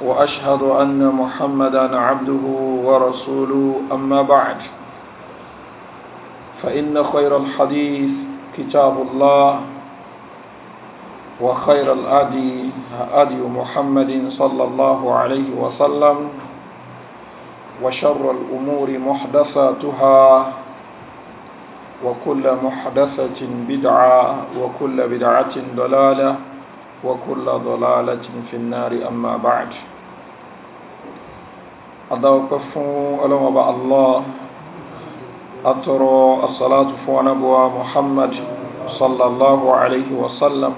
وأشهد أن محمدا عبده ورسوله أما بعد فإن خير الحديث كتاب الله وخير الأدي أدي محمد صلى الله عليه وسلم وشر الأمور محدثاتها وكل محدثة بدعة وكل بدعة ضلالة وكل ضلالة في النار أما بعد أدوقف ألوم الله أترى الصلاة فونبوى محمد صلى الله عليه وسلم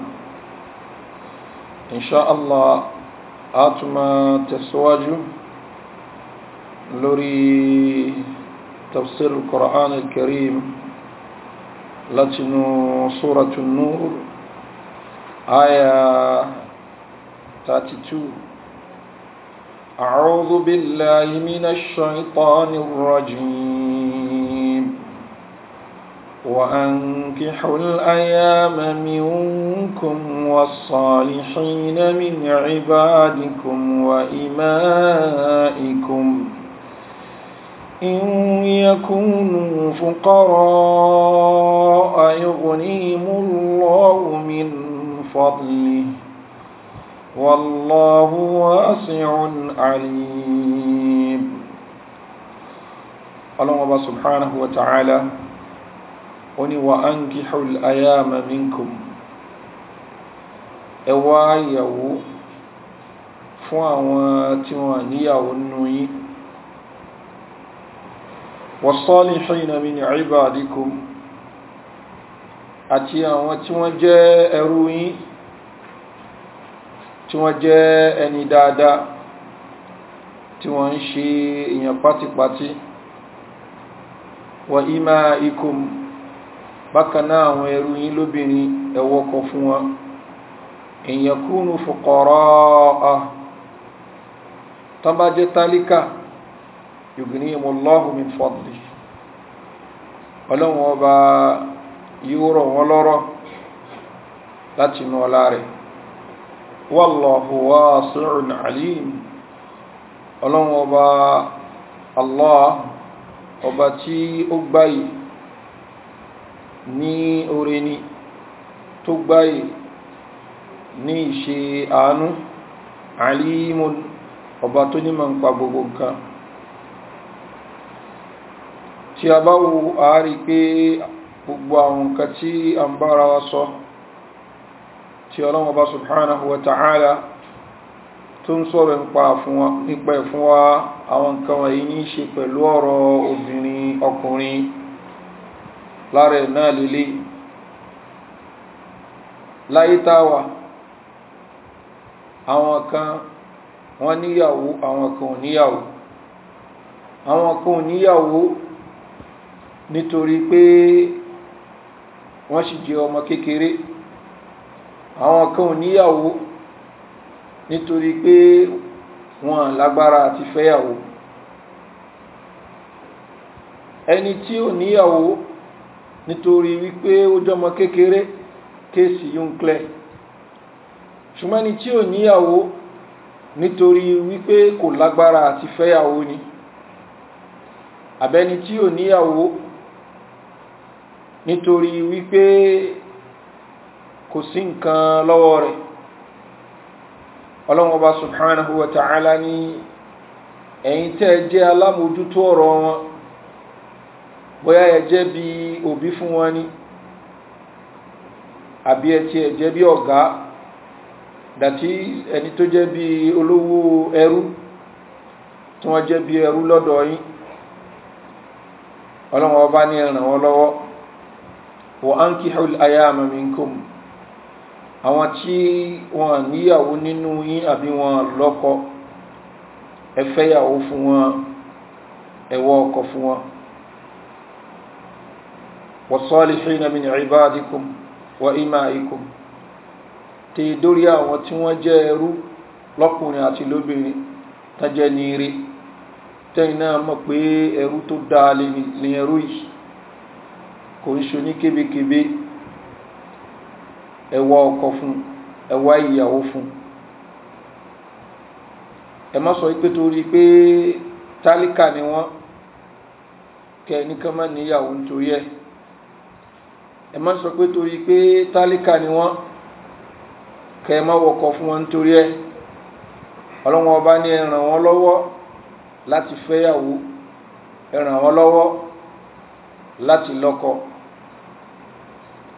إن شاء الله أتما تسواج لري تفسير القرآن الكريم لتنو سورة النور Ayah آية 32 أعوذ بالله من الشيطان الرجيم وأنكحوا الأيام منكم والصالحين من عبادكم وإمائكم إن يكونوا فقراء يغنيهم الله من فضله والله واسع عليم الله الله سبحانه وتعالى oni wa ankihu al-ayama minkum ẹ wá ìyàwó fún àwọn tí wọ́n níyàwó nínú yín wa salihina min ibadikum àti àwọn tí wọ́n jẹ́ ẹrú yín tí wọ́n jẹ́ ẹni dáadáa tí wọ́n ń ṣe èèyàn pátipátí wà ímá ikùn bákaná àwọn ẹrú yín lóbìnrin ẹwọ́kọ̀ fún wọn èèyàn kúrò fòkọ̀rọ̀ tán bá jẹ́ tálíkà yògìní ìmọ̀lọ́hùn mi fọ́dùlì ọlọ́run ọba yíó rọ̀ wọ́n lọ́rọ̀ láti inú ọlá rẹ̀ wallahu wasi'un alim ọlọ́run ọba allah ọba tí ó gbáyì ní orí ni tó gbáyì ní ìṣe àánú alimun ọba tó ní ma gbogbo nǹkan tí a bá wo àárí pé gbogbo àwọn nǹkan tí a ń bára wa sọ tí ọlọ́wọ́ bá subhanahu wa ta'ala tó ń sọ̀rọ̀ nípa ẹ̀fún wa àwọn nǹkan wọ̀nyí ní ṣe pẹ̀lú ọ̀rọ̀ obìnrin ọkùnrin lára ẹ̀ àwọn kan wọ́n níyàwó àwọn kan ò níyàwó àwọn kan ò wọ́n sì jẹ́ ọmọ kékeré àwọn kan ò níyàwó nítorí pé wọn lágbára àti fẹ́yàwó ẹni tí ò níyàwó nítorí wípé ó jọmọ kékeré kéèsì yúnklẹ̀ ṣùgbọ́n ni tí ò níyàwó nítorí wípé kò lágbára àti fẹ́yàwó ni àbẹ́ni tí ò níyàwó nítorí wípé kò sí nǹkan lọ́wọ́ rẹ̀ ọlọ́run ọba subhanahu wa ta'ala ni ẹ̀yin tẹ́ ẹ jẹ́ alámòójútó ọ̀rọ̀ wọn bóyá ẹ jẹ́ bí òbí fún wọn ni àbí ẹ ti ẹ jẹ́ bí ọ̀gá dàtí ẹni tó jẹ́ bí olówó ẹrú tí wọ́n jẹ́ bí ẹrú lọ́dọ̀ yín ọlọ́run ọba ni ẹ ràn wọ́n lọ́wọ́ wa ankihu al-ayama minkum àwọn tí wọ́n níyàwó nínú yín àbí wọn lọ́kọ ẹ fẹ́yàwó fún wọn ẹ wọ ọkọ fún wọn wasalihina min ibadikum wa imaikum tí dórí àwọn tí wọ́n jẹ́ ẹrú lọ́kùnrin àti lóbìnrin tán ní rí tẹ́yìn náà mọ̀ pé ẹrú tó dáa lè ní ẹrú yìí kò ń ṣe ní kébékébé ẹwà ọkọ fún ẹwà ìyàwó fún ẹ má sọ pé torí pé tálíkà ni wọ́n kẹ nìkan má níyàwó nítorí ẹ ẹ má sọ pé torí pé tálíkà ni wọ́n kẹ má wọkọ fún wọn nítorí ẹ ọlọ́wọ́n ọba ní ẹ ràn wọ́n lọ́wọ́ láti fẹ́yàwó ẹ ràn wọ́n lọ́wọ́ láti lọ́kọ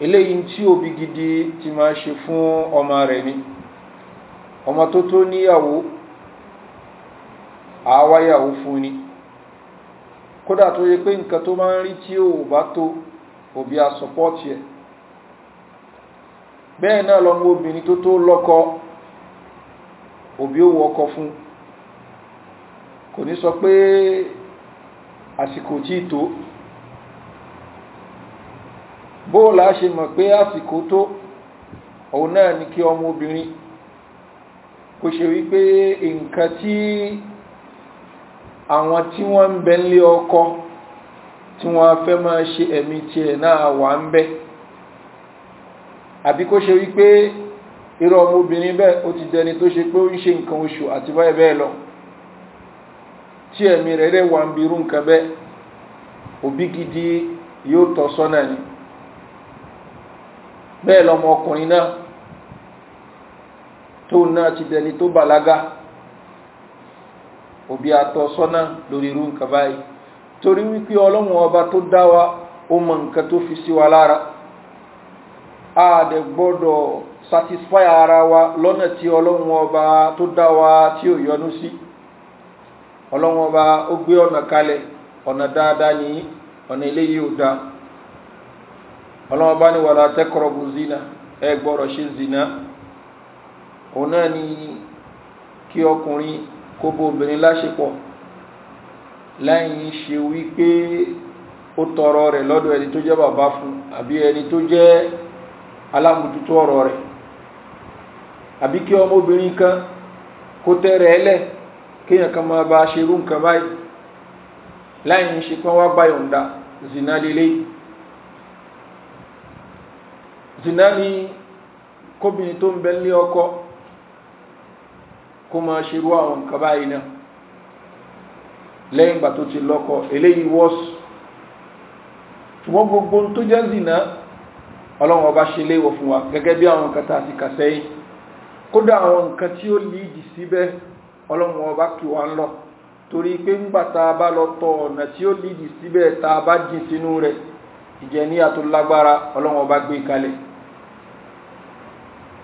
eléyìí tí òbí gidi ti máa ṣe fún ọmọ rẹ̀ ni ọmọ tó tó níyàwó àwáyàwó fún ni kódà tó yẹ pé nǹkan tó máa ń rí tí ò bá tó òbí a sọpọ́tì ẹ̀ bẹ́ẹ̀ náà lọmọ obìnrin tó tó lọ́kọ òbí ó wọ́kọ fún kò ní sọ pé àsìkò tí tó bóòlá ṣe mọ̀ pé àsìkò tó òun náà ni kí ọmọ obìnrin kò ṣe wípé nǹkan tí àwọn tí wọ́n ń ọkọ tí wọ́n fẹ́ máa ṣe ẹ̀mí tiẹ̀ náà wà ń bẹ àbí kó ṣe wípé irú ọmọ obìnrin bẹ́ẹ̀ ó ti dẹni tó ṣe pé ó ń ṣe nǹkan oṣù àti báyìí bẹ́ẹ̀ lọ tí ẹ̀mí rẹ̀ rẹ̀ wà ń birú nǹkan bẹ́ẹ̀ lọmọ ọkùnrin náà tó náà ti bẹni tó bàlágà òbí àtọ́sọ́nà lórí irú nǹkan báyìí torí wípé ọlọ́run ọba tó dá wa ó mọ nǹkan tó fi sí wa lára a dẹ̀ gbọ́dọ̀ satisfy ara wa lọ́nà tí ọlọ́run ọba tó dá tí yọnu sí ọlọ́run ọba ó gbé ọ̀nà kalẹ̀ ọ̀nà dáadáa ọ̀nà eléyìí ò ọlọ́wọ́ bá ní wà látẹ́kọ̀rọ̀bù zina ẹ ṣe zina òun náà ni kí ọkùnrin kó bó obìnrin láṣepọ̀ láyìn ṣe wípé ó tọrọ rẹ̀ lọ́dọ̀ ẹni tó jẹ́ bàbá fún àbí ẹni tó jẹ́ alámùtútù ọ̀rọ̀ rẹ̀ àbí kí ọmọbìnrin kan kó tẹ́rẹ ẹlẹ́ kíyàn kan máa bá ṣerú nǹkan báyìí láyìn ṣe pọ́n wá báyọ̀ ń da zina lélẹ́yìí zina ni kóbìnrin tó ń bẹ nílé ọkọ kó máa ṣerú àwọn nǹkan báyìí náà lẹ́yìn ìgbà tó ti lọ́kọ eléyìí wọ́ọ̀sù ṣùgbọ́n gbogbo tó jẹ́ zina ọlọ́run ọba ṣe léèwọ̀ fún wa gẹ́gẹ́ bí àwọn nǹkan tá a ti kà kódà àwọn nǹkan tí ó líìdì síbẹ̀ ọlọ́run ọba kì wá ń lọ torí pé ńgbà tá a bá lọ tọ ọ̀nà tí ó líìdì síbẹ̀ tá bá jìn sínú rẹ̀ ìjẹníyà tó lágbára ọlọ́run ọba gbé kalẹ̀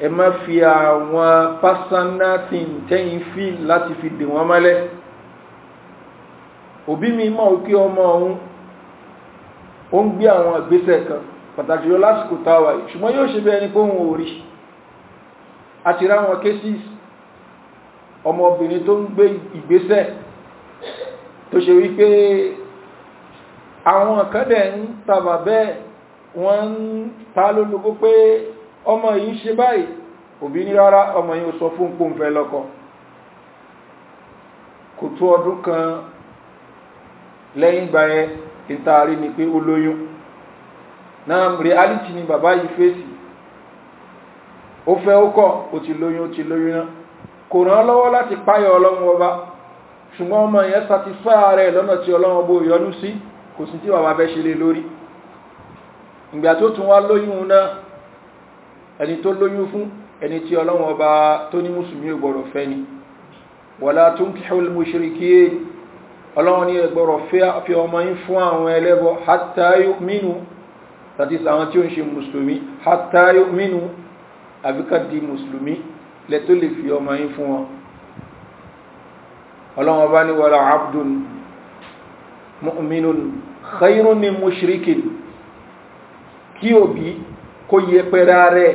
ẹ má fi àwọn pásánà tí ń tẹ́yìn fi láti fi dè wọ́n mọ́lẹ̀ òbí mi mọ̀ kí ọmọ òun ó ń gbé àwọn ìgbésẹ̀ kan pàtàkì yóò lásìkò táwà yìí ṣùgbọ́n yóò ṣe bẹ́ẹ̀ ni pé òun àti ráwọn cases ọmọbìnrin tó ń gbé ìgbésẹ̀ tó ṣe wípé àwọn kan ń tàbà bẹ́ẹ̀ wọ́n ń ta lólogó pé ọmọ yìí ń ṣe báyìí òbí ní rárá ọmọ yìí ó sọ fún pò ń fẹ́ lọ́kọ kò tó ọdún kan lẹ́yìn ìgbà yẹn ìtaari ni pé ó lóyún náà reality ni bàbá yìí fèsì ó fẹ́ ó kọ̀ ó ti lóyún ó ti lóyún náà kò rán lọ́wọ́ láti páyọ̀ ọlọ́run ọba ṣùgbọ́n ọmọ yẹn satisfy rẹ̀ lọ́nà tí ọlọ́run ọba yọ́nú sí kò sí tí bàbá bẹ́ ṣe lé lórí ìgbà tó tún wá lóyún náà ẹni tó lóyún fún ẹni tí ọlọ́wọ́n ọba tó ní mùsùlùmí ò gbọ́dọ̀ fẹ́ ni wala tunkihul mushrikin ọlọ́wọ́n ní ẹ gbọ́dọ̀ fi ọmọ yín fún àwọn ẹlẹ́bọ hatta yu'minu tàbí àwọn tí ó ń ṣe mùsùlùmí hatta yu'minu àbíká di mùsùlùmí ọmọ yín fún wọn ọlọ́wọ́n ọba kí òbí kó yẹpẹrẹ rẹ̀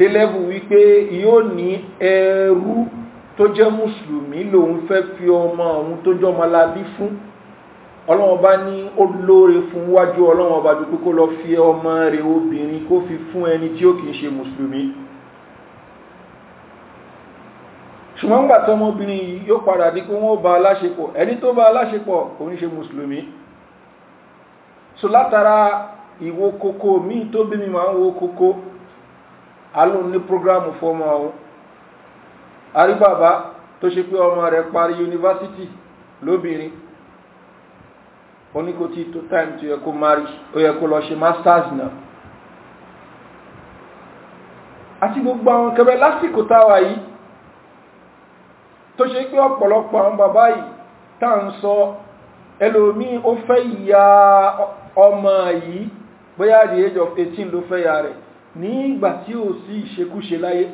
délẹ́bù wípé yóò ní ẹrú tó jẹ́ mùsùlùmí lòun fẹ́ fi ọmọ òun tó jọmọ labí fún ọlọ́wọ́n bá ní ó lóore fún wájú ọlọ́wọ́n bá dúpẹ́ kó lọ fi ọmọ rẹ̀ obìnrin kó fi fún ẹni tí ó kìí ṣe mùsùlùmí ṣùgbọ́n gbà tọ́mọ mi máa ń wo kókó alóhun ní prógrámù fọmọ ọ̀hún arí bàbá tó ṣe pé ọmọ rẹ̀ parí yunifásitì lóbìnrin oníkó tí tó time tí ó yẹ kó lọ ṣe masters náà àti gbogbo àwọn kẹbẹ lásìkò táwà yìí tó ṣe pé ọ̀pọ̀lọpọ̀ àwọn bàbá yìí tá ń sọ ẹlòmíì ó fẹ́ ìyá ọmọ yìí bóyá the age of 18 ló fẹ́ ya rẹ̀ N'igba ìgbà tí ò sí ìṣekúṣe láyé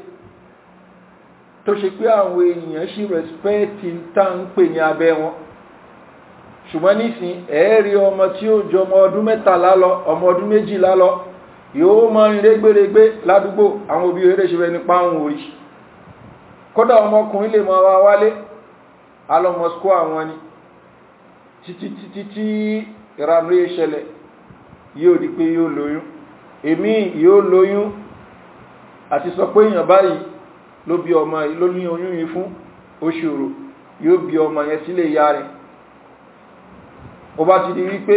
tó ṣe pé àwọn èèyàn pe rẹ̀spẹ́ẹ̀tì tá ń pè ní abẹ́ wọn ṣùgbọ́n nísìn ẹ̀ẹ́rí ọmọ tí ó jọ ọmọ ọdún mẹ́tàlá lọ ọmọ ọdún méjìlá lọ yóò mọ́ rinlé ládùúgbò àwọn òbí eré ṣe rẹni páhùn orí kódà ọmọkùnrin lè máa wá wálé alọmọskó àwọn ni títí títí tí ìranú yóò di pé yóò lóyún èmi yóò lóyún àti sọ pé èèyàn báyìí ló bí ọmọ yìí ló ní oyún yìí fún oṣùrò yóò bí ọmọ yẹn sílé ìyá rẹ̀ ó bá ti di wípé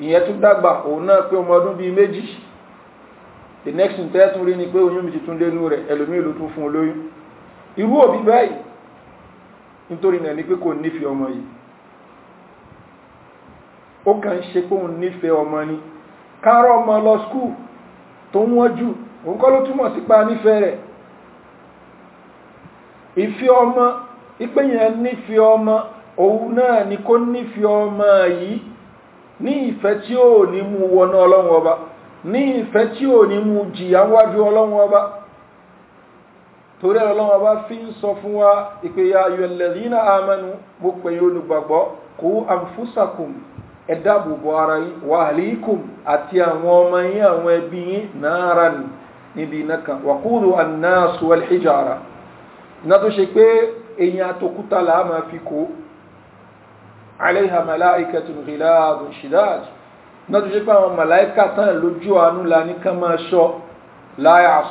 ìyẹn tún dàgbà òun náà pé ọmọ ọdún bíi méjì the next thing tẹ́ẹ̀tún rí ni pé oyún mi ti tún dénú rẹ̀ ẹlòmíì ló tún fún un lóyún irú òbí báyìí nítorí náà ni pé kò nífẹ̀ẹ́ ọmọ yìí ó kàn ń ṣe pé nífẹ̀ẹ́ ọmọ ni kárọ̀ ọmọ lọ skúù tó ń wọ́n jù òun kọ́ ló túmọ̀ sí pa nífẹ̀ẹ́ rẹ̀ ìfi ọmọ ìpéyàn nífi ọmọ òun náà ni kó nífi ọmọ yìí ní ìfẹ́ tí ò ní mú wọná ọlọ́run ọba ní ìfẹ́ tí ò ní mú jìyà wájú ọlọ́run ọba torí ẹ dáàbò bo ara yín wà àlíkùm àti àwọn ọmọ yín àwọn ẹbí yín náírà nì níbi iná kan wàkúrò anáàsù alhijara iná tó ṣe pé èyàn àtòkúta làá máa fi kó aléha màláìkà tún rìlá àbùn ṣìdáàd iná tó ṣe pé àwọn màláìkà tán lójú àánú la ní kan máa ṣọ láyà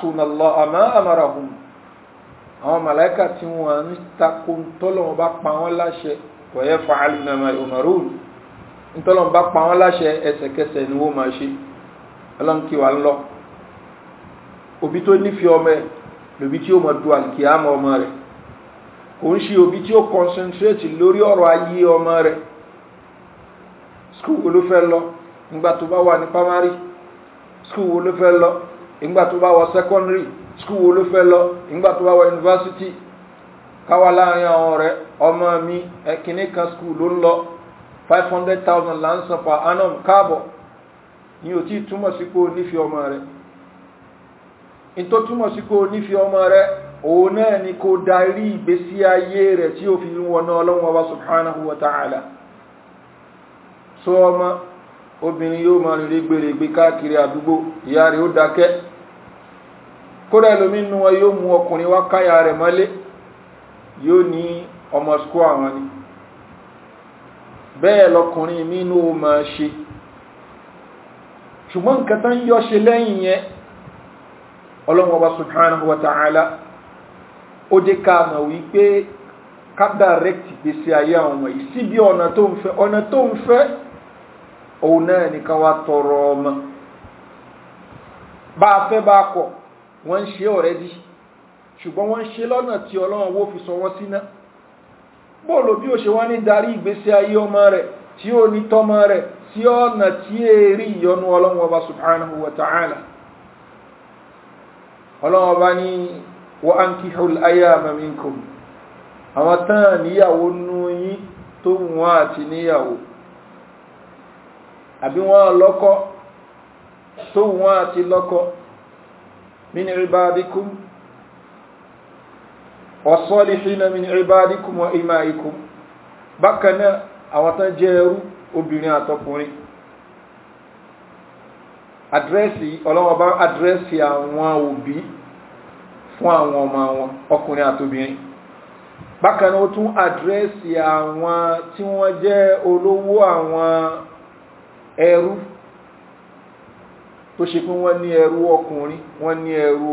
ntọ́lọ́n bá pa wọ́n láṣẹ ẹsẹ̀kẹsẹ̀ ni wọ́n máa ṣe ọlọ́run kí wà ń lọ òbí tó nífẹ̀ẹ́ ọmọ ẹ̀ lòbí tí ó mọ̀ du àlìkìyàmọ̀ ọmọ rẹ̀ kò ń ṣe òbí tí ó concentrate lórí ọ̀rọ̀ ayé ọmọ rẹ̀ skul wo ló fẹ́ lọ nígbà secondary skul wo ló fẹ́ lọ nígbà university káwa láàrin àwọn ọ̀rẹ́ ọmọ mi ẹ̀kíní kan skul ló ń lọ five hundred thousand là ń per annum káàbọ̀ ni ò tí túmọ̀ sí pé o nífẹ̀ẹ́ ọmọ rẹ nítorí túmọ̀ sí pé o ọmọ rẹ òun náà ni kó darí ìgbésí ayé rẹ̀ tí ó fi wọná ọlọ́run ọba subhanahu wa ta'ala so ọmọ obìnrin yóò máa rìnrìn gbèrègbè káàkiri àdúgbò ìyá rẹ̀ ó dákẹ́ kódà ẹlòmínú wọn yóò mú ọkùnrin wá káyà rẹ̀ mọ́lé yóò ní ọmọ skó àwọn ni bẹ́ẹ̀ lọkùnrin mínú ma ṣe ṣùgbọ́n nǹkan tán yọ́ ṣe lẹ́yìn yẹn ọlọ́wọ́ba subhanahu wa ta'ala ó dé ká mọ̀ wípé ká direct gbèsè ayé àwọn ọmọ yìí síbi ọ̀nà tó ń fẹ́ ọ̀nà tó ń fẹ́ òun náà ní ká wá tọrọ ọmọ bá a fẹ́ bá kọ̀ wọ́n ń ṣe ọ̀rẹ́dì ṣùgbọ́n wọ́n ń ṣe lọ́nà tí ọlọ́wọ́ fi sọ wọ́n bóòlò bí ó ṣe wá ní darí ìgbésí ayé ọmọ rẹ̀ tí ó ní tọ́mọ rẹ̀ tí ọ̀nà tí è rí ìyọnu ọlọ́run ọba subhanahu wa ta'ala ọlọ́run ọba ní wa ankihul ayyama minkum àwọn tán níyàwó nú yín tó wọ́n àti níyàwó àbí wọ́n lọ́kọ tó wọ́n àti lọ́kọ min ibadikum wasalihina min ibadikum wa imaikum bákan náà àwọn tán jẹ́ ẹrú obìnrin àtọkùnrin àdírẹ́sì ọlọ́wọ́ bá àdírẹ́sì àwọn òbí bákan náà ó tún àdírẹ́sì àwọn tí wọ́n jẹ́ olówó àwọn ẹrú tó ṣe pé wọ́n ní ẹrú ọkùnrin wọ́n ní ẹrú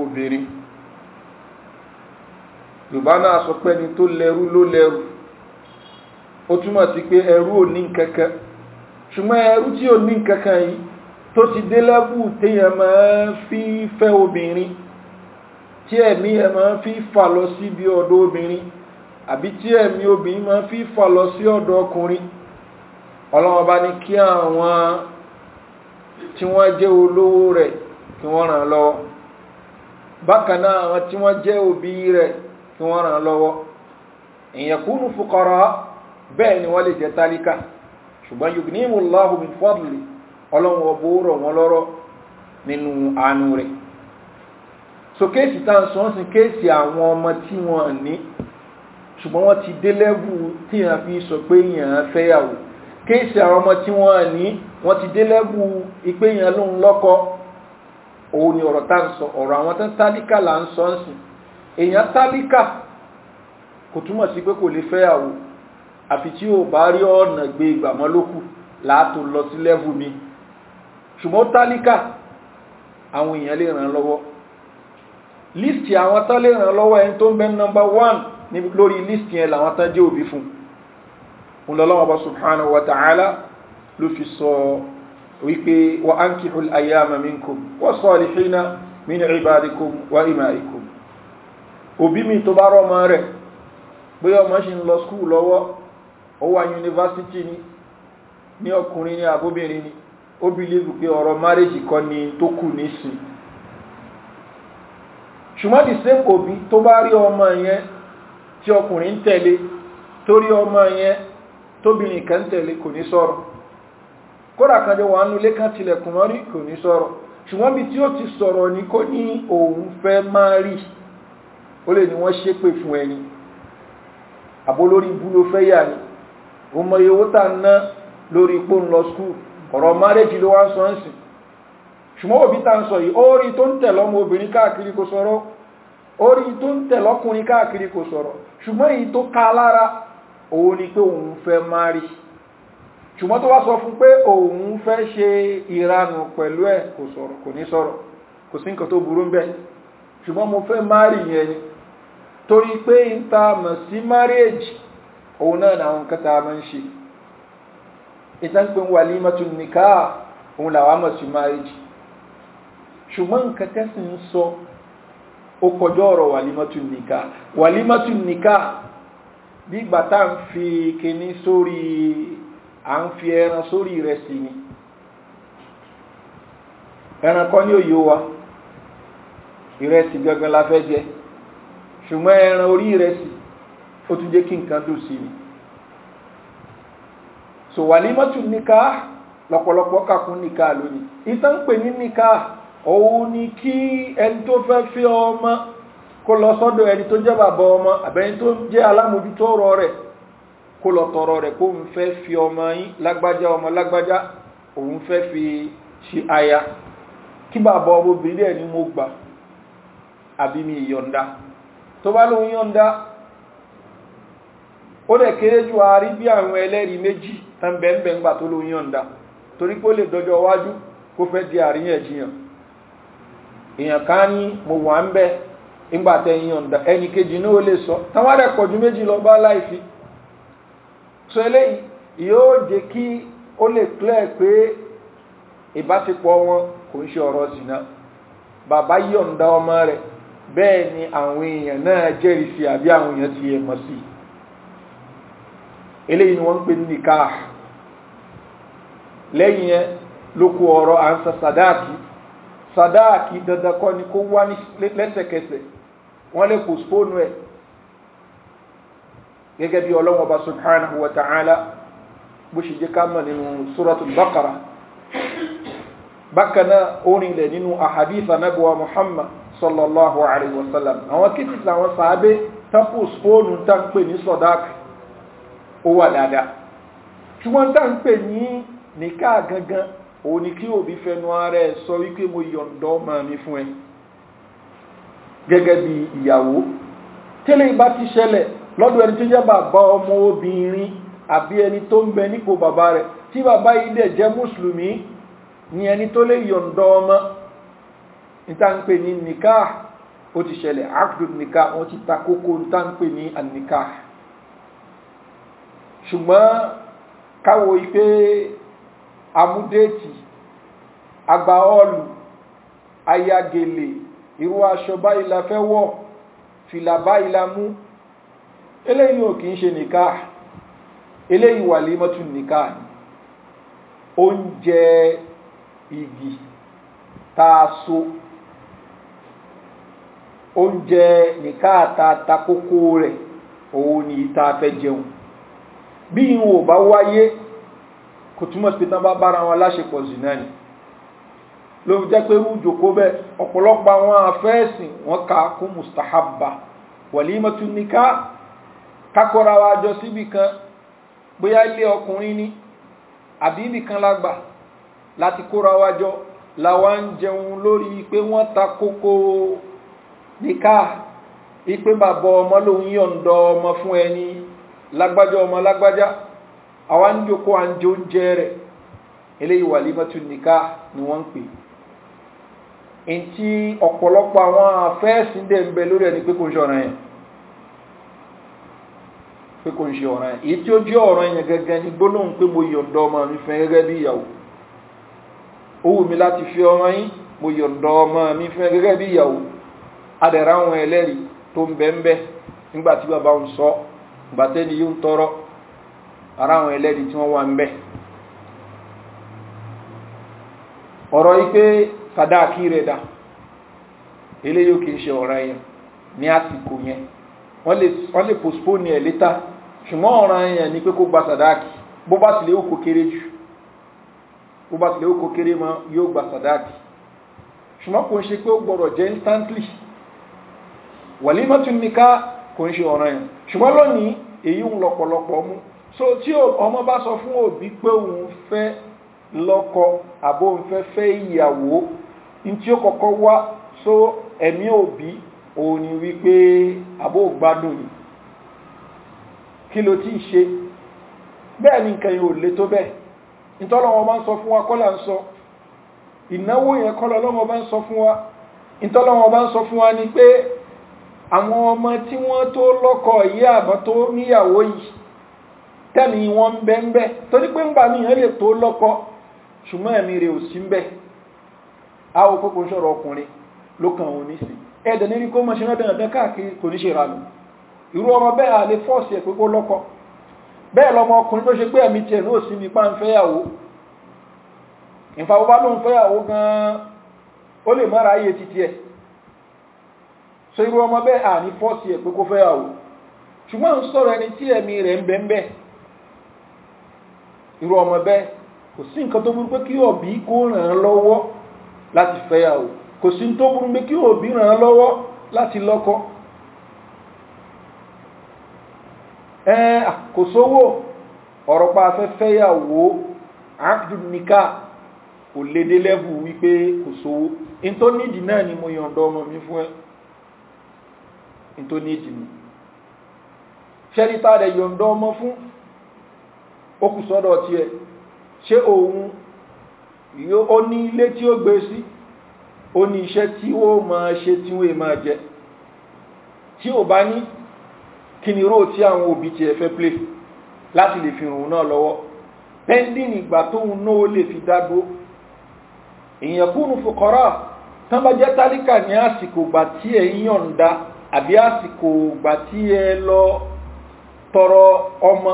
yorùbá náà sọ pé ẹni tó lẹ́rú ló lẹ́rú ó túmọ̀ sí pé ẹrú ò ní tí ò ní yìí tó ti dé lẹ́bù fi fẹ́ obìnrin tí ẹ̀mí ẹ̀ ma fi fà lọ síbi ọ̀dọ̀ obìnrin àbí tí ẹ̀mí obìnrin ma fi fà lọ sí ọ̀dọ̀ ọkùnrin ọlọ́wọ́n bá ní kí àwọn tí wọ́n jẹ́ olówó rẹ̀ kí wọ́n ràn lọ bákan náà àwọn tí wọ́n jẹ́ òbí kí wọ́n ràn lọ́wọ́ ìyẹ̀kúnù fukọrọ bẹ́ẹ̀ ni wọ́n lè jẹ́ tálíkà ṣùgbọ́n yugnimu allahu min fadli ọlọ́run ọbọ̀ rọ̀ wọ́n lọ́rọ̀ nínú àánú rẹ̀ so kéèsì tá ń sọ́n sí kéèsì àwọn ọmọ tí wọ́n ní ṣùgbọ́n wọ́n ti dé lẹ́bù tí èèyàn fi sọ pé èèyàn fẹ́yàwó kéèsì àwọn ọmọ tí wọ́n ní wọ́n ti dé ìpéyàn lóhun lọ́kọ òun ni ọ̀rọ̀ tá sọ ọ̀rọ̀ àwọn tán tálíkà là ń sọ́n sí èèyàn tálíkà kò túmọ̀ sí pé kò lè fẹ́yàwó àfi tí ò bá rí ọ̀nà gbé ìgbàmọ́ lókù láàtò lọ sí lẹ́vù mi ṣùgbọ́n tálíkà àwọn èèyàn lè ràn lọ́wọ́ lístì àwọn tán lè ràn lọ́wọ́ ẹni tó ń bẹ nọmba 1 lórí lístì yẹn làwọn tán jẹ́ òbí fún un lọ́lọ́wọ́ bá subhanahu wa ta'ala sọ wípé wa ankihul wa salihina òbí mi tó bá ọmọ rẹ̀ pé ọmọ ṣe ń lọ skúù lọ́wọ́ ó wà yunifásitì ni ní ọkùnrin ní àbóbìnrin ni ó bìlíìfù pé ọ̀rọ̀ márèjì kọ́ ni tó kù ṣùgbọ́n di same òbí tó bá rí ọmọ yẹn tí ọkùnrin ń tẹ̀lé ọmọ yẹn tóbìnrin kan tẹ̀lé kò ní sọ̀rọ̀ kódà kan kan tilẹ̀kùn mọ́rí kò tí ó ti sọ̀rọ̀ kó ní òun ó lè ní wọ́n ṣépè fún ẹni àbólórí ibú ló fẹ́ yà ni ọmọ owó tà ń ná lórí ipò ń lọ skul ọ̀rọ̀ márẹ́jì ló wá ń sọ ń sìn ṣùgbọ́n òbí tà ń sọ yìí ó rí tó ń tẹ̀ lọ́mọ obìnrin káàkiri kò sọ̀rọ̀ ó rí tó ń tẹ̀ lọ́kùnrin káàkiri kò sọ̀rọ̀ ṣùgbọ́n èyí tó ká lára òun ni pé òun fẹ́ máa rí ṣùgbọ́n tó wá sọ fún pé òun fẹ́ ṣe ìranù pẹ̀lú ẹ̀ kò sọ̀rọ̀ kò ní sọ̀rọ̀ kò sí nǹkan tó burú ń bẹ̀ ṣùgbọ́n mo fẹ́ máa rí yẹn ni torí pé n ta mọ̀ sí marriage òun náà ni àwọn nǹkan tá a máa ń ṣe ìtàn pé walimatu nikah òun làwọn mọ̀ sí marriage ṣùgbọ́n nǹkan tẹ́sí ń sọ ó kọjọ́ ọ̀rọ̀ walimatu nikah walimatu nikah bí ìgbà tá à ń fi kinní sórí à ń fi ẹran sórí ìrẹsì ni ẹran kan ní òye wa ìrẹsì gangan la fẹ́ jẹ ṣùgbọ́n ẹran orí ìrẹsì ó tún jẹ́ kí nǹkan dùn sí ni so wàlímọ́tù níká lọ́pọ̀lọpọ̀ kàkún níká lónìí ìtàn pè ní níká òun ni kí ẹni tó fẹ́ fẹ́ ọmọ kó lọ sọ́dọ̀ ẹni tó jẹ́ bàbá ọmọ àbẹ́ni tó jẹ́ alámójútó ọ̀rọ̀ rẹ̀ fi ọmọ yín lágbájá ọmọ lágbájá òun fẹ́ fi àbí mi ìyọ̀ǹda tó bá lóun yọ̀ǹda ó dẹ̀ kéré jù àárí bí àwọn ẹlẹ́rìí méjì tán bẹ̀ẹ̀bẹ̀ ńgbà tó torí pé ó lè dọjọ́ iwájú kó fẹ́ di kan mo wa nbe bẹ ńgbà tẹ yọ̀ǹda lè sọ táwọn adẹ̀ pọ̀jù méjì so eléyìí yóò jẹ́ kí o lè clear pé ìbáṣepọ̀ won ko ń ṣe ọ̀rọ̀ zina bàbá yọ̀ǹda ọmọ bẹ́ẹ̀ ni àwọn èèyàn náà jẹ́rìí sí àbí àwọn èèyàn ti ẹ̀mọ̀ sí eléyìí wọ́n ń pè ní nìka lẹ́yìn ẹ lókù ọ̀rọ̀ à ń sa sàdáàkì sàdáàkì dandan kọ́ ni kó wá lẹ́sẹ̀kẹsẹ̀ wọ́n lè ẹ̀ gẹ́gẹ́ bí ọlọ́wọ́ bá bó ṣe jẹ́ orin lẹ̀ nínú ahadith anabuwa muhammad sallallahu alayhi wa sallam àwọn kíkìtì àwọn sàábé tapos fóònù tá n'i pè ní sọdáàkì ó wà dáadáa ṣùgbọ́n tá ń pè ní nìka gangan o ni kí òbí fenu ara ẹ sọ wípé mo yọ̀ǹdọ́ ọmọ mi fún ẹ gẹ́gẹ́ bí ìyàwó ba ti ṣẹlẹ̀ lọ́dọ̀ ẹni tó jẹ́ ọmọ obìnrin àbí ẹni ni ẹni to ìtànpé ní nikah ó ti ṣẹlẹ̀ akdu nikah wọ́n ti ta kókó ìtànpé ní annikah ṣùgbọ́n káwo ipé amúdéètì àgbà ọlù ayagele irú aṣọ báyìí la fẹ́ wọ̀ fìlà báyìí la mú eléyìí ò kì í ṣe nikah eléyìí wà lè mọ́tún nikah oúnjẹ igi tá so oúnjẹ nìkan àtàtà kókó rẹ̀ òun ni ìta fẹ́ jẹun bí ìwọ̀n ò bá wáyé kò túmọ̀ sí pé tán bá bára wọn láṣepọ̀ zìnà ni ló fi jẹ́ pé irú ìjòkó bẹ́ẹ̀ ọ̀pọ̀lọpọ̀ àwọn afẹ́ẹ̀sìn wọn kà kún mustahabba walimatu nikah kákọ́ra wa jọ síbì kan bóyá ilé ọkùnrin ni àbí kan lágbà láti kóra wa jọ làwa ń jẹun lórí pé wọ́n ta kókó nìka ìpè bàbá ọmọ lòun yọ̀ǹdọ̀ ọmọ fún ẹni lágbájá ọmọ lágbájá àwa ń jòkó à ń jẹ oúnjẹ rẹ̀ eléyìí wàlímátù nìka ni wọ́n ń pè ntí ọ̀pọ̀lọpọ̀ àwọn afẹ́ẹ̀sìn dẹ̀ ń bẹ lórí ẹni pé kò ń ṣe ọ̀ràn yẹn pé kò ń ṣe ọ̀ràn yẹn èyí tí ó jẹ́ ọ̀ràn yẹn gẹ́gẹ́ ní gbólóhùn pé mo yọ̀ǹda ọmọ mi fún gẹ́gẹ́ bí ìyàwó ó wù mí láti fi ọmọ yín mo yọ̀ǹda ọmọ mi fún gẹ́gẹ́ bí ìyàwó adẹ̀rẹ̀ àwọn ẹlẹ́rìí tó ń bẹ ń bẹ nígbà tí bàbá ń sọ ìgbà tẹ́ni yóò tọrọ ara àwọn ẹlẹ́rìí tí wọ́n wà ń bẹ ọ̀rọ̀ ipé sàdáàkì rẹ̀ dà eléyìí kìí ṣe ọ̀ràn yẹn ní àsìkò yẹn wọ́n lè postpone ẹ̀ ṣùgbọ́n ni pé kó gba sàdáàkì bó bá tilẹ̀ ó kò kéré jù bó bá kéré mọ́ yóò gba sàdáàkì ṣùgbọ́n kò ń ṣe pé ó gbọ́dọ̀ jẹ́ instantly walimatun nikah kò ń ṣe ọ̀ràn yẹn ṣùgbọ́n lónìí èyí ń lọ́pọ̀lọpọ̀ mú so tí ọmọ bá sọ fún òbí pé òun fẹ́ lọ́kọ àbó òun fẹ́ fẹ́ ìyàwó ní tí ó kọ́kọ́ wá so ẹ̀mí òbí òun ni wípé àbó gbádùn ni kí ló ti ṣe bẹ́ẹ̀ ni nǹkan yóò lè tó bẹ́ẹ̀ ìtọ́lọ́wọ́ bá ń sọ fún wa kọ́lá ń sọ ìnáwó yẹn kọ́lọ́lọ́wọ́ bá ń sọ fún wa ìtọ́lọ́wọ́ bá ń sọ fún wa ni pé àwọn ọmọ tí wọ́n tó lọ́kọ yìí àbọ̀ tó níyàwó yìí tẹ́mi wọn ń bẹ́ ń bẹ́ torí pé ń gbà mí yẹn lè tó lọ́kọ ṣùgbọ́n ẹ̀mí rẹ̀ ò sí ń bẹ́ àwọn òpópó ń sọ̀rọ̀ ọkùnrin ló kàn òun ní sí ẹ̀dẹ̀ níbi kó ní kó lọ́kọ ṣe pé ẹ̀ so iru ọmọ bẹ́ẹ̀ à ní fọ́ọ̀sì ẹ̀ ṣùgbọ́n ń sọ̀rọ̀ ẹni tí ẹ̀mí rẹ̀ ń bẹ ń bẹ irú ọmọ bẹ́ẹ̀ kò sí nǹkan tó burú pé kí òbí kó ràn án lọ́wọ́ láti fẹ́ kò sí tó burú pé kí òbí ràn án lọ́wọ́ láti lọ́kọ kò sówó ọ̀rọ̀ pa afẹ́ tó ní ìdìní ṣẹ́ríta rẹ̀ yọ̀ndọ́ ọmọ fún okùsọ́dọ̀ tí ẹ ṣe òun ó ní ilé tí ó gbé sí ó ní iṣẹ́ tí ó máa ṣe tí wọ́n máa jẹ tí ò bá ní kí tí àwọn òbí ti ẹ̀fẹ́ plé láti lè fi rùn náà lọ́wọ́ pending ìgbà tóun náà ó lè fi dádó èèyàn kúnnù fòkọ́rọ́ tán bá jẹ́ tálíkà ní àsìkò ìgbà tí ẹ̀ ń àbí àsìkò gbà tí ẹ lọ tọrọ ọmọ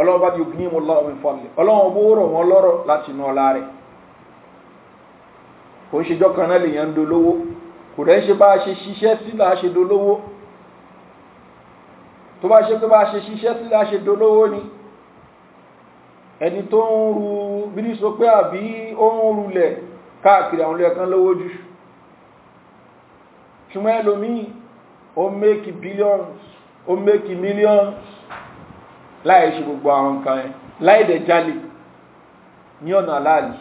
ọlọ́run bá bí obìnrin mu lọ́wọ́ mi fọ́lẹ̀ ọlọ́run bó rọ̀ wọ́n lọ́rọ̀ láti inú ọlá rẹ̀ kò ń ṣèjọ́ kan náà lèèyàn ń dolówó kò rẹ̀ ń ṣe bá a ṣe ṣiṣẹ́ sí ṣe dolówó tó bá ṣe pé bá a ṣe ṣiṣẹ́ sí ṣe dolówó ni ẹni tó ń ru bírísọ pé àbí ó ń rulẹ̀ káàkiri àwọn ilé ẹ̀kan lówó jù ṣùgbọ́n ẹlòmíì ó mẹ́kì billions ó mẹ́kì millions láì ṣe gbogbo àwọn nǹkan yẹn láì dẹ̀ jalè ní ọ̀nà aláàlì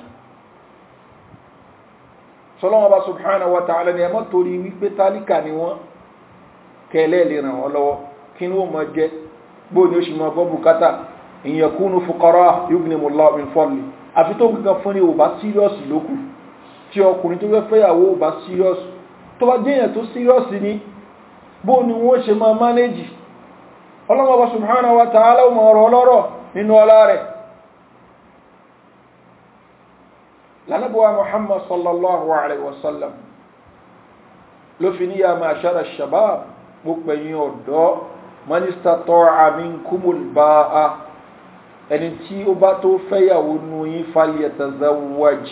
sọlọ́wọ́n bá subhanahu wa ta'ala ni ẹmọ́ torí wípé tálíkà ni wọ́n kẹlẹ́ lè ràn wọ́n lọ́wọ́ kí ni ó mọ jẹ́ gbóò ni ó ṣe mọ gbọ́ bùkátà ìyẹ̀kúnnú fukara yughnimullahu min fadli àfi tó gbígan fún ní ò bá sírọ́ọ̀sì lókù tí ọkùnrin tó fẹ́ fẹ́yàwó ò bá sírọ́ọ̀sì tó bá jẹ́yàn tó sírọ́ọ̀sì ní bó ni wọ́n ṣe máa mánéjì ọlọ́mọba subhanahu wa ta'ala ọmọ ọ̀rọ̀ ọlọ́rọ̀ nínú ọlá rẹ̀ lánàbọ̀wà muhammad sallallahu alaihi wasallam ló fi ní ya ma ṣára shabab gbogbo ẹ̀yin ọ̀dọ́ manista tọ́ra min kumul ba'a ẹni tí ó bá tó fẹ́yàwó nú yí fàlìyàtà zawaj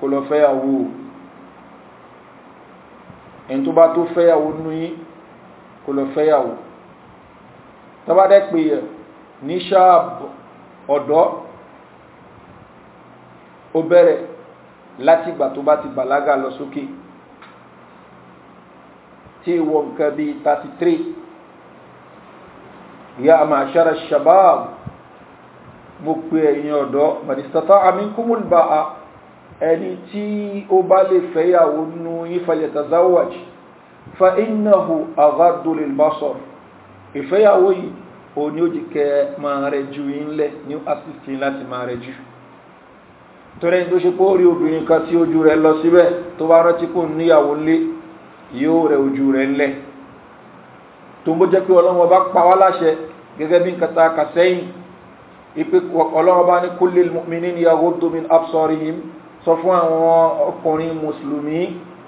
kò lọ fẹ́yàwó ẹni tó bá tó fẹ́yàwó nú yí kó lọ fẹ́yàwó tọ́bádẹ́ pé ní ṣáàbù ọ̀dọ́ ó bẹ̀rẹ̀ láti ìgbà tó bá ti bàlágà lọ sókè tí ìwọ nǹkan bíi 33 ya ma'ashara shabab mo pe ẹ̀yin ọ̀dọ́ manistata aminkumul ba'a ẹni tí ó bá lè fẹ́yàwó nínú yín falyatazawwaj fa innahu aghaddu lil basar ìfẹ́yàwó yìí o ní ó jì kẹ máa rẹ ju ilẹ̀ ní asìsìn láti máa rẹ jù torí tó ṣe pé ó rí obìnrin kan tí ojú rẹ lọ síbẹ̀ tó bá rántí kò níyàwó lé yóò rẹ ojú rẹ lẹ̀ tó bó jẹ́ pé ọlọ́wọ́ bá pa wá láṣẹ gẹ́gẹ́ bí nǹkan ta kà ọlọ́wọ́ bá ní kullil mu'minina yaghuddu min absarihim sọ fún àwọn ọkùnrin mùsùlùmí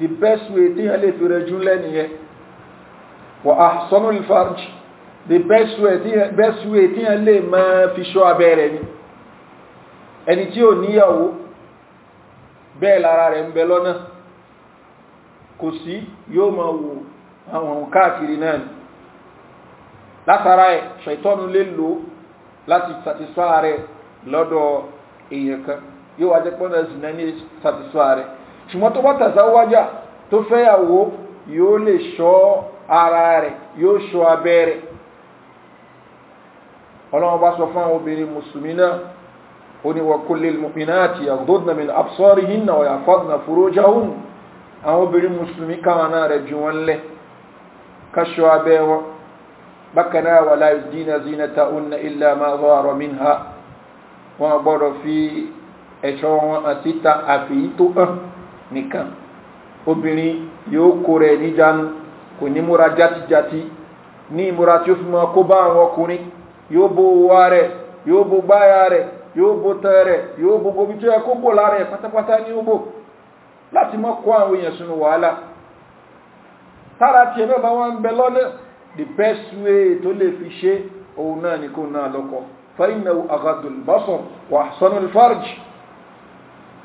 the best way téèyàn lè fi rẹjú lẹ́nìyẹn wà á sọ́nù ìfarj the best way téèyàn lè máa fi ṣọ́ abẹ́ rẹ̀ ni ẹni tí ò níyàwó bẹ́ẹ̀ lára rẹ̀ ń bẹ lọ́nà kò sí yóò máa wò àwọn káàkiri náà ni látara ẹ̀ ṣàìtọ́nu lè lò láti satisfy rẹ̀ lọ́dọ̀ èèyàn kan yóò wá jẹ́ pọ́nà ìsìnà ní satisfy rẹ̀ ṣùgbọ́n tó bá tàzáwájà tó fẹ́yàwó yóò lè ṣọ́ ara rẹ̀ yóò ṣọ́ abẹ́ rẹ̀ ọlọ́run bá sọ fún àwọn obìnrin mùsùlùmí náà ó ní wa kullil mu'minati yaghdudna min absarihinna wa yahfazna furujahunna àwọn obìnrin mùsùlùmí káwọn náà rẹ̀ jù wọ́n lẹ̀ káṣọ́ abẹ́ wọn gbọ́dọ̀ fi ẹ̀ṣọ́ wọn àti ta àfìyí tó hàn nìkan obìnrin yóò kó rẹ̀ níjánu kò ní múra játijàti ní ìmúra tí ó fi máa kó bá àwọn ọkùnrin yóò bo wa rẹ̀ yóò bo gbáya rẹ̀ yóò bo tẹ́ rẹ̀ yóò bo gobi tó yẹ kó bò lára ẹ̀ pátápátá ní ó bò láti mọ́ kó àwọn èèyàn sínú wàhálà tára tí ẹgbẹ́ bá wọ́n bẹ lọ́nà the best way tó lè fi ṣe òun náà ni kó náà lọ́kọ fa innahu aghadul basar wa ahsanul farj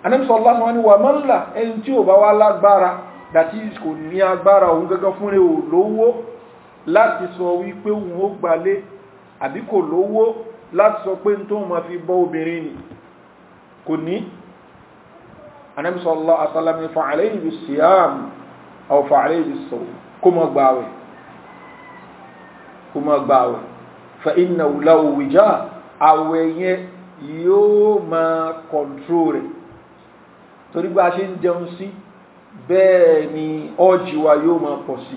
anẹ́bísọ̀ lásán ni wà mọ́lá ẹni tí ò bá wá lágbára dàtí kò ní agbára òun gẹ́gẹ́ fún rẹ̀ ò lówó láti sọ wípé òun ó gbalé àbí kò lówó láti sọ pé tó ma fi bọ́ obìnrin ni kò ní anẹ́bísọ̀ lásán fa'alẹ́ ìlú siam aw fa'alẹ́ ìlú sọ̀rọ̀ kó mọ́ yóò máa kọ̀ntró rẹ̀ torí bá a ṣe ń jẹun sí bẹ́ẹ̀ ni ọ́ọ̀jì wa yóò máa pọ̀ sí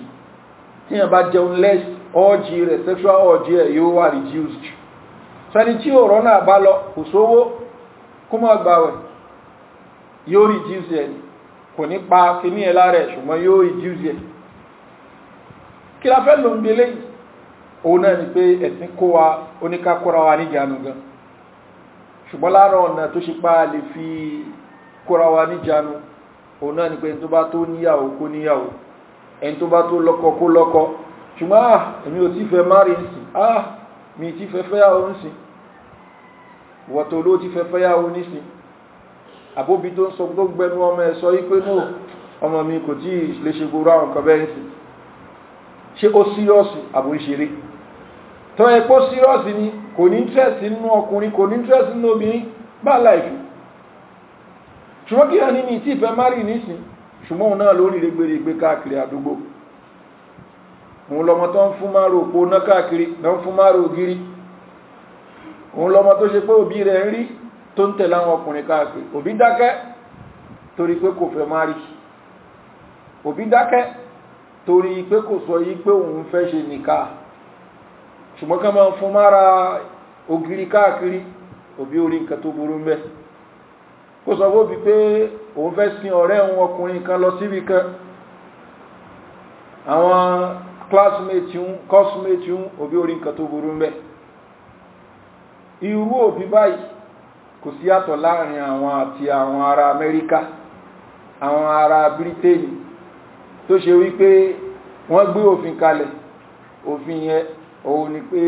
tí yàn bá jẹun less ọ́ọ̀jì rẹ̀ sexual ọ́ọ̀jì rẹ̀ yóò wà reduced fẹni tí ò rọ́nà bá lọ kò sówó kó mọ́ gbàwẹ̀ yóò reduce ẹ̀ kò ní pa kíní ẹ̀ lára ẹ̀ ṣùgbọ́n yóò reduce ẹ̀ kí la fẹ́ ló ń gbélé òun náà ni pé ẹ̀sìn kó wa oníkakọ́ra wa níjànú gan ṣùgbọ́n lára ọ̀nà tó ṣe pa lè fi kóra wa níjànú òun náà ni pé ẹni tó bá tó níyàwó kó níyàwó ẹni tó bá tó lọ́kọ kó lọ́kọ ṣùgbọ́n ah èmi ò tí fẹ́ márì ń sìn ah mi ti fẹ́ fẹ́yàwó ń sìn wọ̀tọ̀ ló ti fẹ́ fẹ́yàwó ní sìn àbóbi tó ń sọ tó gbẹnu ọmọ ẹ̀ sọ wípé náà ọmọ mi kò tí lè ṣe gbogbo àwọn kan bẹ́ẹ̀ sìn ṣé ó sírọ́ọ̀sì àbò ìṣeré tọ́ ẹ pé ó ni kò ní interest nínú ọkùnrin kò ní interest nínú obìnrin bá láìfì ṣùgbọ́n kí ẹni mi tí ìfẹ́ márì nísìn ṣùgbọ́n náà lórí rẹgbẹ̀rẹgbẹ̀ káàkiri àdúgbò òun lọmọ tó ń fún márò òpó náà káàkiri náà fún márò ògiri òun lọmọ tó ṣe pé òbí rẹ̀ ń rí tó ń tẹ̀lé ọkùnrin káàkiri òbí dákẹ́ torí pé kò fẹ́ márì kó sọ bó bí pé òun fẹ́ sin ọ̀rẹ́ òun ọkùnrin kan lọ síbi kan àwọn classmate ń cosmate ń òbí orí nǹkan tó burú mẹ́ irú òbí báyìí kò sí yàtọ̀ láàrin àwọn àti àwọn ará amẹ́ríkà àwọn ará bírítéènì tó ṣe wípé wọ́n gbé òfin kalẹ̀ òfin yẹn òun ni pé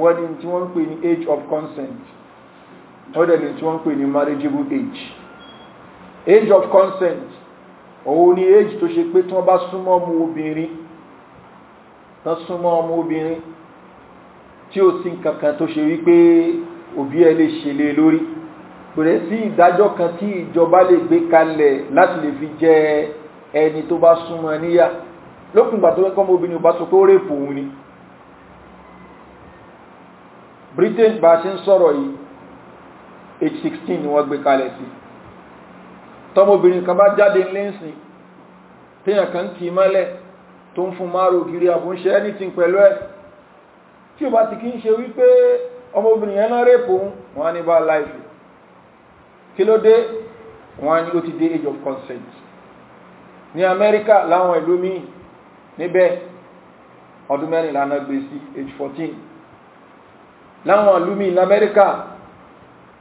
wọ́n ní tí wọ́n ń pè ní age of consent ó dẹ̀ ní tí wọ́n ń pè ní marriageable age age of consent òun ni age tó ṣe pé tí wọ́n bá súnmọ́ ọmọ obìnrin tán súnmọ́ ọmọ obìnrin tí ó sí kankan tó ṣe wípé òbí ẹ lè ṣe lé lórí kò rẹ̀ sí ìdájọ́ kan tí ìjọba lè gbé kalẹ̀ láti lè fi jẹ ẹni tó bá súnmọ́ níyà lókùngbà tó kọ́mọ obìnrin bá sọ pé ó òun ni Britain bá ṣe ń sọ̀rọ̀ yìí age sixteen ni wọ́n gbé kalẹ̀ sí tọmọbìnrin kan bá jáde lẹ́sìn téèyàn kan kì í mọ́lẹ̀ tó ń fún márùn ògiri àbúnṣe anything pẹ̀lú ẹ̀ tí o bá ti kí ń ṣe wípé ọmọbìnrin yẹn náà rèpò wọn ní bá láìfì kí ló dé wọn ni age of consent ní amẹ́ríkà láwọn ìlú míì níbẹ̀ ọdún mẹ́rìnlá náà gbé sí age fourteen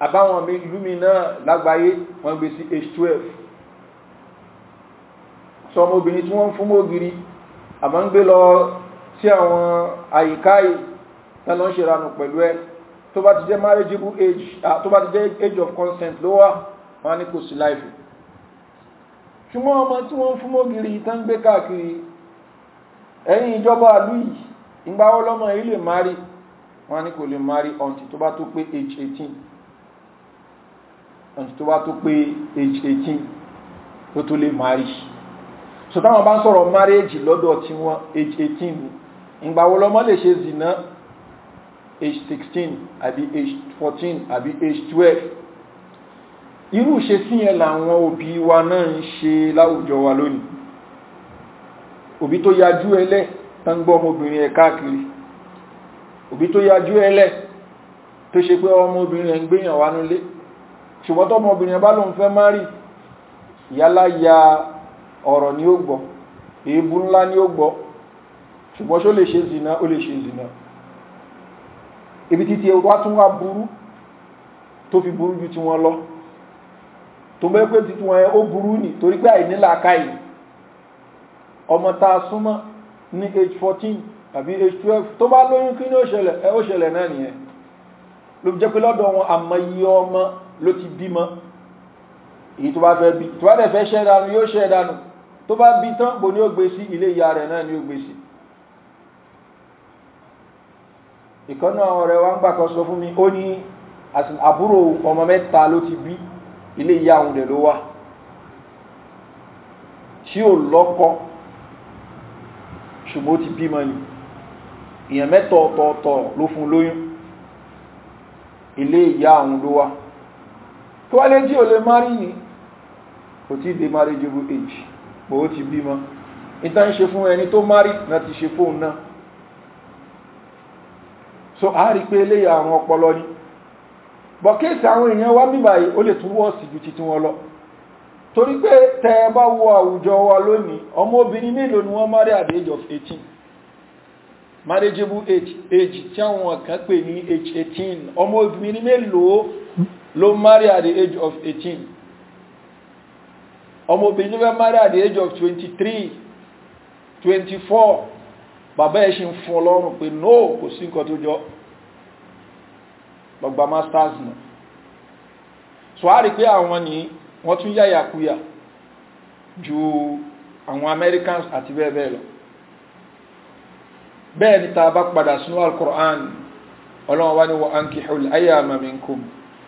àbáwọn mi lúmi náà lágbàáyé wọ́n gbé sí h12 sọ ọmọbìnrin tí wọ́n ń fún mọ́gìrì àmọ́ ń gbé lọ sí àwọn àyíká yìí tán lọ pẹ̀lú ẹ tó bá ti jẹ́ marriageable age tó bá ti jẹ́ age of consent ló wà wọ́n ní kò sí láìfì ṣùgbọ́n ọmọ tí wọ́n fún mọ́gìrì tán gbé káàkiri ẹ̀yìn ìjọba àlú yìí ìgbà ọlọ́mọ yìí lè wọ́n ní kò lè máa ọ̀ntì tó bá tó pé age 18 ẹni tó wá tó pé age eighteen tó tó lè marry so táwọn bá ń sọ̀rọ̀ marriage lọ́dọ̀ tí wọ́n age eighteen ìgbà wo lọ́mọ lè ṣe zìnà age sixteen àbí age fourteen àbí age twelve irú ṣe sí yẹn làwọn òbí wa náà ń ṣe láwùjọ wa lónìí òbí tó yajú ẹlẹ́ tán gbọ́ ọmọbìnrin ẹ̀ káàkiri òbí tó yajú ẹlẹ́ tó ṣe pé ọmọbìnrin ẹ̀ ń gbéyàn ṣùgbọ́n tọmọbìnrin bá lóun fẹ́ márì yálà ya ọ̀rọ̀ ni ó gbọ́ èébú ńlá ni ó gbọ́ ṣùgbọ́n ṣó lè ṣe zìnà ó lè ṣe zìnà ibi títí wá tún wá burú tó fi burú ju tiwọn lọ tó bẹ́ pé títí wọn ó burú nì torí pé àìnílà káyì ọmọ ta súnmọ́ ní age 14 tàbí age 12 tó bá lóyún kí ní ó ṣẹlẹ̀ náà nìyẹn ló jẹ́ pé lọ́dọ̀ wọn àmọ́ ló ti bímọ èyí tó bá fẹ́ bí tó bá dẹ̀ fẹ́ ṣẹ́ dànù yóò ṣẹ́ dànù tó bá bí tán bò ní ó gbé sí ilé ìyá rẹ̀ náà ni ó gbé sí ìkọ́nà àwọn ọ̀rẹ́ ń gbà kan sọ fún mi ó ní àbúrò ọmọ mẹ́ta ló ti bí ilé ìyá àwọn rẹ̀ ló wà tí ò lọ́kọ́ ṣùgbọ́n ó ti bímọ ni èèyàn mẹ́tọ̀ ọ̀tọ̀ọ̀tọ̀ ló fún lóyún ilé ìyá àwọn ló wà wálé tí o lè mari ní kò tí dé marriageable age bó o ti bímọ ìta ń ṣe fún ẹni tó mari na ti ṣe fún náà so a rí pé eléyà àwọn ọpọlọ ní bọ̀ kéèsì àwọn èèyàn wá bíbáyìí ó lè tún sí ju titi wọn lọ torí pé tẹ wa lónìí ọmọ obìnrin mélòó ni wọ́n age of 18 marriageable age age tí àwọn kan pè ní age 18 ọmọ obìnrin ló marry at the age of 18 ọmọbìnrin ló fẹ́ marry at the age of 23 24 bàbá ẹ̀ ṣe ń fún ọlọ́run pé no kò sí nǹkan tó jọ lọ́gbà masters nù so a rí pé àwọn ni wọ́n tún yáyàkúyà ju àwọn Americans àti bẹ́ẹ̀ bẹ́ẹ̀ lọ bẹ́ẹ̀ ni ta bá padà sínú al-Qur'an ọlọ́run wá ní wa ankihul ayyama minkum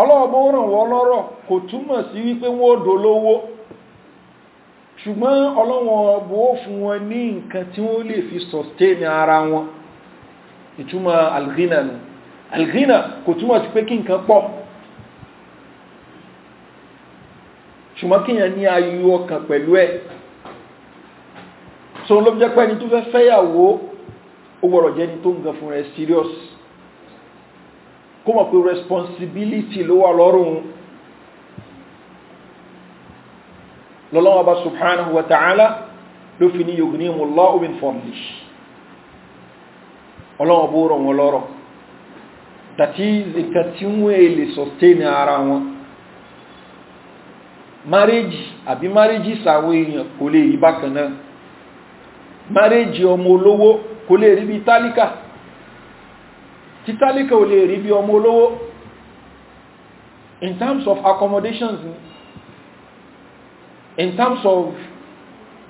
ọlọ́ọ̀bọ̀ ràn wọ́n kò túnmọ̀ sí wípé wọ́n ó ṣùgbọ́n ọlọ́wọ̀n ọbọ̀ fún wọn ní nǹkan tí wọ́n lè fi sustain ara wọn ìtumọ̀ kò túnmọ̀ sí pé kí pọ̀ ṣùgbọ́n kíyàn ní ayú ọkàn pẹ̀lú ẹ̀ ló jẹ́ tó fẹ́ fẹ́yàwó ó wọ̀rọ̀ tó kó mọ̀ pé responsibility ló wà lọ́rùn lọ́lọ́wọ́ subhanahu wa ta'ala ló fi ní yògùn ní mọ̀lá omin fọ́nlẹ̀ ọlọ́wọ́ bó rọ̀ wọn lọ́rọ̀ that is nǹkan tí wọ́n lè sustain ara wọn marriage àbí marriage sàwọn èèyàn kò lè rí bákan marriage ọmọ olówó kò lè rí bí tálíkà títálíkà ò lè rí bí ọmọ olówó in terms of accommodations ni in terms of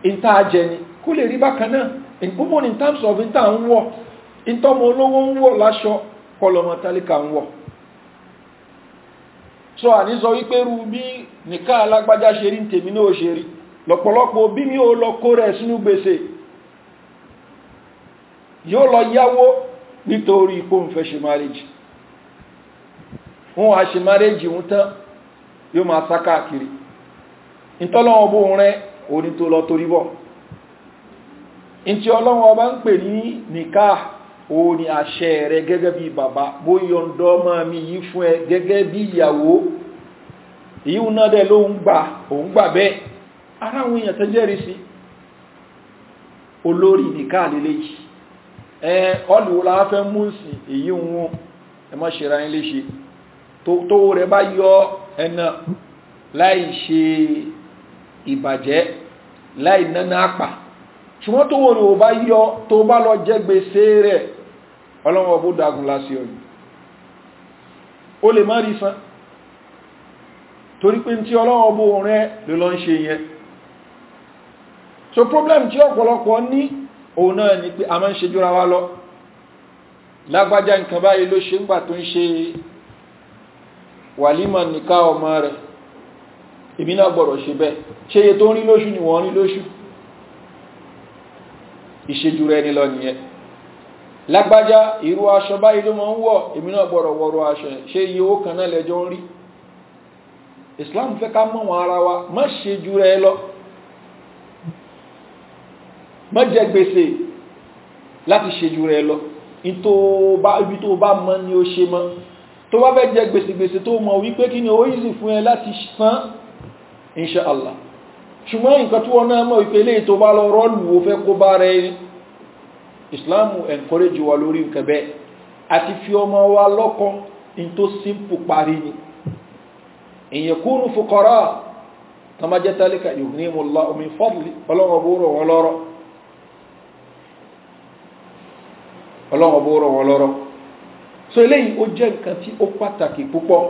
intaajẹ ni kó lè rí bákan náà in woman in terms of inta ń wọ̀ intọ́mọ olówó ń wọ̀ láṣọ kọlọmọ tálíkà ń wọ̀ so àní sọ wípé rú bí nìkan alágbájá ṣe rí tèmi náà ṣe rí lọ̀pọ̀lọpọ̀ bí mi ò lọ kó rẹ̀ sínú gbèsè yóò lọ yáwó nítorí ipò ń fẹ́ ṣe márèjì wọ́n wá ṣe márèjì ń tán yóò máa sá káàkiri ìtọ́lọ́wọ́ bó rẹ́ orí tó lọ torí bọ́ in tí ọlọ́wọ́ bá ń pè ní nìká o ni àṣẹ rẹ gẹ́gẹ́ bí bàbá bó yọ̀ndọ́ ma mi yí fún ẹ gẹ́gẹ́ bí ìyàwó èyí ń náà dẹ̀ ló ń gbà òun gbà bẹ́ẹ̀ aráwọn èèyàn tẹ́jẹ́rìí sí olórí nìká lélẹ́yìí ẹ ọlùwò la fẹ́ mú sí èyí wọn ẹ má ṣe ra yín léṣe tówó rẹ bá yọ ẹnà láì ṣe ìbàjẹ́ láì nánà àpà ṣùgbọ́n tówó rẹ ò bá yọ tó bá lọ jẹ gbèsè rẹ ọlọ́wọ́ bó dagun lásì ọ̀yìn ó lè má rí san torí pé tí ọlọ́wọ́ bó rẹ lè lọ ń ṣe yẹn so problem tí ọ̀pọ̀lọpọ̀ ní òun náà ni pé a máa ń ṣe wa lọ lágbájá nǹkan báyìí ló ṣe ń gbà tó ń ṣe wàlímọ̀ nìka ọmọ rẹ̀ èmi náà ṣe bẹ́ẹ̀ ṣe tó rí lóṣù ni wọ́n rí lóṣù ìṣèjú rẹ̀ ni nìyẹn lágbájá Islam fẹ́ ká mọ̀ wọn ara wa má ṣe jù má jẹ gbèsè láti ṣe jù rẹ lọ ibi tó bá mọ̀ ni ó ṣe mọ́ tó bá fẹ́ jẹ gbèsè gbèsè tó mọ̀ wípé kí ni ó yìí fún ẹ láti san inṣàlá ṣùgbọ́n nǹkan tí wọ́n náà mọ̀ wípé ilé tó bá lọ rọ́lù ó fẹ́ kó bá rẹ ní islamu encourage wa lórí nǹkan bẹ́ẹ̀ àti fi ọmọ wa lọ́kàn in tó simple parí ni èyàn kúrú fukara tó má jẹ́ tálíkà yóò omi fọ́dùlì ọlọ́rọ̀ ọlọ́run ọbọ̀ rọ̀ wọ́n lọ́rọ̀ so eléyìí ó jẹ́ nǹkan tí ó pàtàkì púpọ̀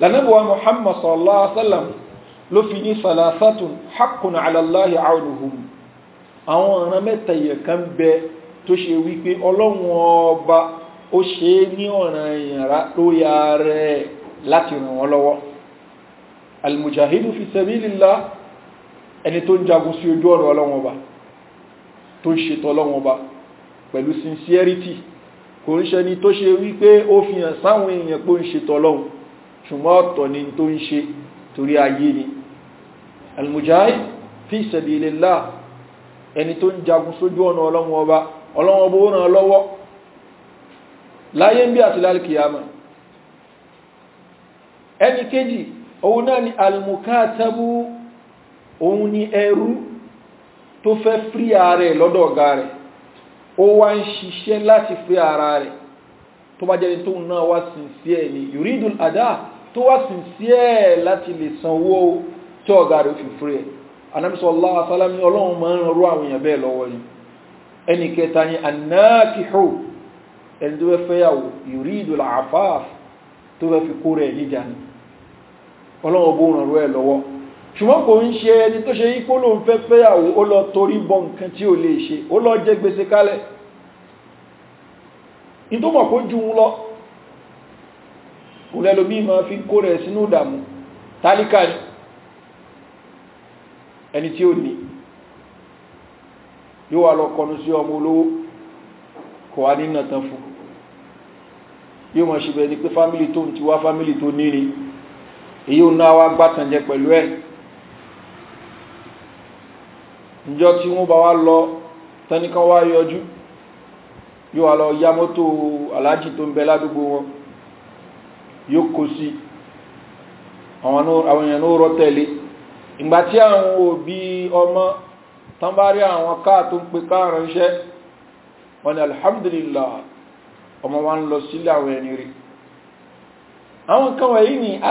lànàbùwà muhammad sallallahu alaihi wa sallam ló fi ní salasatun haqqun ala Allahi aunuhum àwọn ọ̀ràn mẹ́ta yẹ̀ kan bẹ tó ṣe wípé ọlọ́run ọba ó ṣe é ní ọ̀ràn ìyàrá lórí ààrẹ láti ràn wọ́n lọ́wọ́ almujahidu fi sabilillah ẹni tó ń jagun sí ojú ọ̀rọ̀ ọlọ́run ọba tó ń ṣètò ọlọ́run ọba pẹ̀lú sincerity kò ń ṣẹni tó ṣe wípé ó fi hàn sáwọn èèyàn pé ó ń ṣe tọ́lọ́hun ṣùgbọ́n ọ̀tọ̀ ni tó ń ṣe torí ayé ni almujahid fi sabilillah ẹni tó ń jagun sójú ọ̀nà ọlọ́run ọba ọlọ́run ọba ó ràn lọ́wọ́ láyé ń bí almukatabu òun ni ẹrú tó fẹ́ ó wá ń ṣiṣẹ́ láti fi ara rẹ̀ tó bá jẹ́ni tóun náà wá sincere ni yuridul ada tó wá sincere láti lè sanwó tí ọ̀gá rẹ̀ fi fúrẹ́ allah asalam ni ọlọ́run máa ń rọ àwọn èèyàn bẹ́ẹ̀ lọ́wọ́ ni ẹni yuridul afaf tó fẹ́ fi kó rẹ̀ níjà ni ọlọ́run bó ràn rọ ẹ̀ lọ́wọ́ ṣùgbọ́n kò ń ṣe ẹni tó ṣe ipò ló ń fẹ́ fẹ́yàwó ó lọ torí bọ nǹkan tí ò lè ṣe ó lọ jẹ́ gbèsè kalẹ̀ ní tó mọ̀ kó ju ń lọ kò lẹ́lòmí ma fi kó rẹ̀ sínú ìdàmú tálíkà ní ẹni tí ó ní yóò lọ kọnu sí ọmọ olówó kò wá ní nàtàn fún yóò mọ̀ ṣe bẹ̀ẹ́ ni pé fámílì tó ń ti wá fámílì tó ní èyí ò náà wá gbátànjẹ pẹ̀lú ẹ̀ ìjọ tí wọ́n bá wá lọ tẹ́nìkan wá yọjú yóò wá lọ ya mọ́tò aláàjì tó ń bẹ ládùúgbò wọn yóò kó sí àwọn èèyàn ló rọ tẹ̀lé ìgbà tí àwọn òbí ọmọ tán àwọn káà tó ń pe káà ránṣẹ́ wọn ni alhamdulillah ọmọ wa ń lọ sílé àwọn ẹni rí àwọn nǹkan wọ̀nyí ni a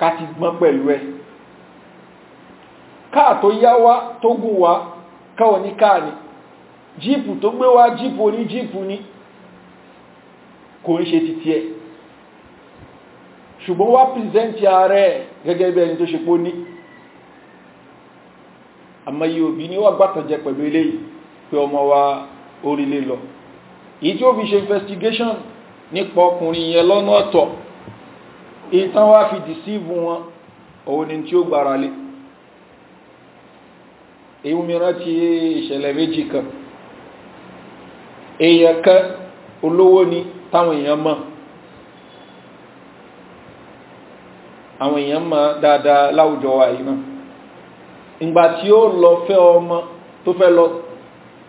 kati ti gbọ́n pẹ̀lú ẹ̀ káà tó yá wá tó gùn wá káà ní káà ní jíìpù tó gbé wá jíìpù oní jíìpù ní kò ń ṣe títí ẹ̀ ṣùgbọ́n wá pìrìsẹ́ntì ààrẹ gẹ́gẹ́ bí ẹni tó ṣe pó ní àmọ́ òbí ní wà gbàtànjẹ pẹ̀lú eléyìí pé ọmọ wa orílẹ̀ lọ èyí tí ó fi ṣe investigation nípa ọkùnrin yẹn lọ́nà ọ̀tọ̀ ìtàn wá fi dìsíìvù wọn òun ni tí ó gbára lé èyí mìíràn ti ìṣẹ̀lẹ̀ méjì kan èèyàn kan olówó ni táwọn èèyàn mọ̀ àwọn èèyàn mọ̀ dáadáa láwùjọ wa yìí náà ìgbà tí ó lọ fẹ́ ọmọ tó fẹ́ lọ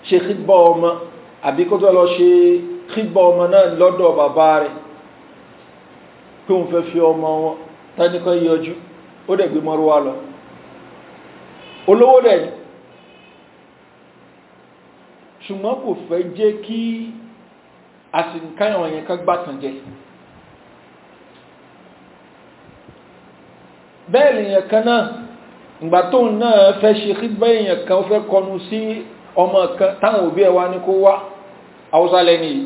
ṣe kígbọ́ ọmọ àbí lọ ṣe kígbọ́ ọmọ náà lọ́dọ̀ bàbá rẹ̀ pé òun fẹ́ fi ọmọ wọn tánìkan yọjú ó dẹ̀ gbé mọ́rúwá lọ olówó dẹ̀ ni ṣùgbọ́n kò fẹ́ jẹ́ kí àsìnkáyàn yẹn ká gbàtàn jẹ bẹ́ẹ̀ lèyàn kan náà ìgbà tóun náà fẹ́ ṣe kí bẹ́ẹ̀yàn kan fẹ́ kọnu sí ọmọ kan táwọn òbí ẹ̀ wá ní kó wá haúsá lẹ́ni yìí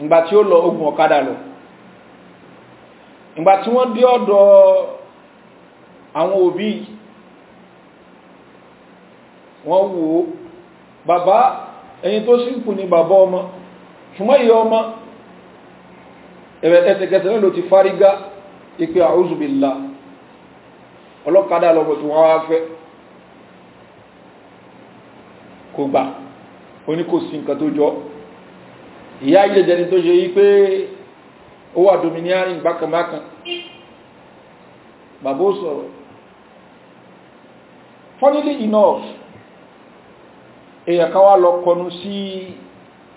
ìgbà tí ó lọ ogun ọ̀kadà lọ ìgbà tí wọ́n dé ọ̀dọ̀ àwọn òbí wọ́n wò ó bàbá ẹni tó sínkù ni bàbá ọmọ ṣùgbọ́n ìyá ọmọ ẹ̀tẹ̀kẹ̀tẹ̀ náà ló ti fárígá ipe àúzùbìlá ọlọ́kadà lọ́gbọ̀ tí wọ́n wá fẹ́ kò gbà oní nǹkan tó jọ ìyá ìjẹjẹni tó ṣe yí pé ó wà domineering bákanbákan bàbá ó sọ̀rọ̀ funnily enough èyàn kan wá lọ kọnu sí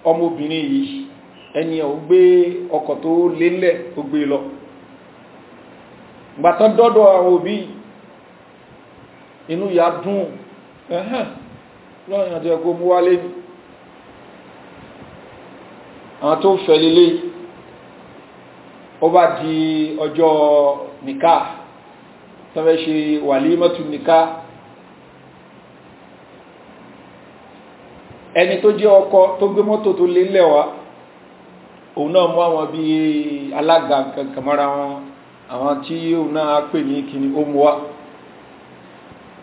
ọmọbìnrin yìí ẹni ẹ̀ ó gbé ọkọ̀ tó lélẹ̀ ó gbé lọ gbàtán dọ́dọ̀ àwọn òbí inú ya dùn ẹ̀hẹ́n lọ́yìn àti ẹ̀kọ́ wálé àwọn tó fẹ́ lélẹ́yìí ó bá di ọjọ́ nìká tó fẹ́ ṣe wàlímọ́tù nìká ẹni tó jẹ́ ọkọ tó gbé mọ́tò tó lé lẹ́wàá òun náà mú àwọn bí alága kankan mọ́ra wọn àwọn tí òun náà pè ní kíni ó mú wá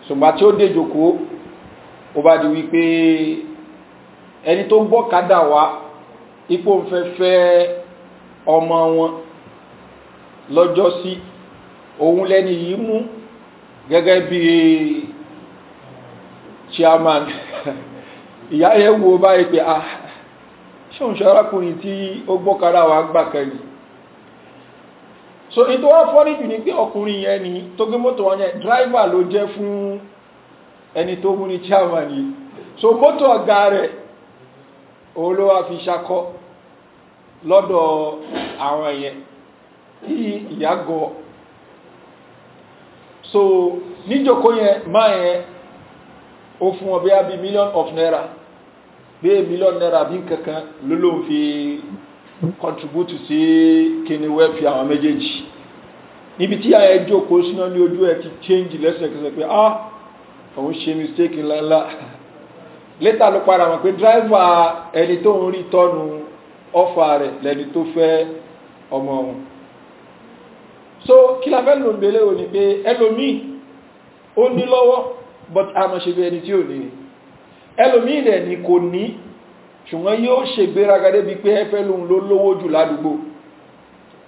ṣùgbọ́n tí ó déjòkó ó bá di wípé ẹni tó ń gbọ́ kádà wá ipò ń fẹ́ fẹ́ ọmọ wọn lọ́jọ́sí òun lẹ́ni yìí mú gẹ́gẹ́ bí chairman ìyá yẹn wo báyìí pé ah ṣóun ṣarákùnrin tí ó gbọ́kara wa gbà kẹrì so in tó wá fọ́rí jù ní pé ọkùnrin yẹn ni tó gbé mọ́tò wọn yẹn driver ló jẹ́ fún ẹni tó mú ní chairman yìí so mọ́tò ọ̀gá rẹ̀ òun ló wá fi ṣakọ́ lọ́dọ̀ àwọn yẹn tí ìyá gọ so níjòkó yẹn máa yẹn ó fún ọ bí a bí million of naira bí a million naira bí kankan ló fi contribute sí kíni wẹ́ẹ̀fì àwọn méjèèjì níbi tí àyẹ̀ jókòó síná ní ojú ẹ̀ ti change lẹ́sẹ̀kẹsẹ̀ pé ah òun ṣe mistake ńláńlá létà ló padà mọ̀ pé driver ẹni tó ń rí tọ́nu ọ́fà rẹ̀ lẹ́ni tó fẹ́ ọmọ òun so kí la fẹ́ lò ń belé o pé ó ní lọ́wọ́ but a mọ̀ ṣe bí ẹni tí ò ni kò ní ṣùgbọ́n yóò ṣe gbéraga débi pé ẹfẹ́ lòun ló lówó jù ládùúgbò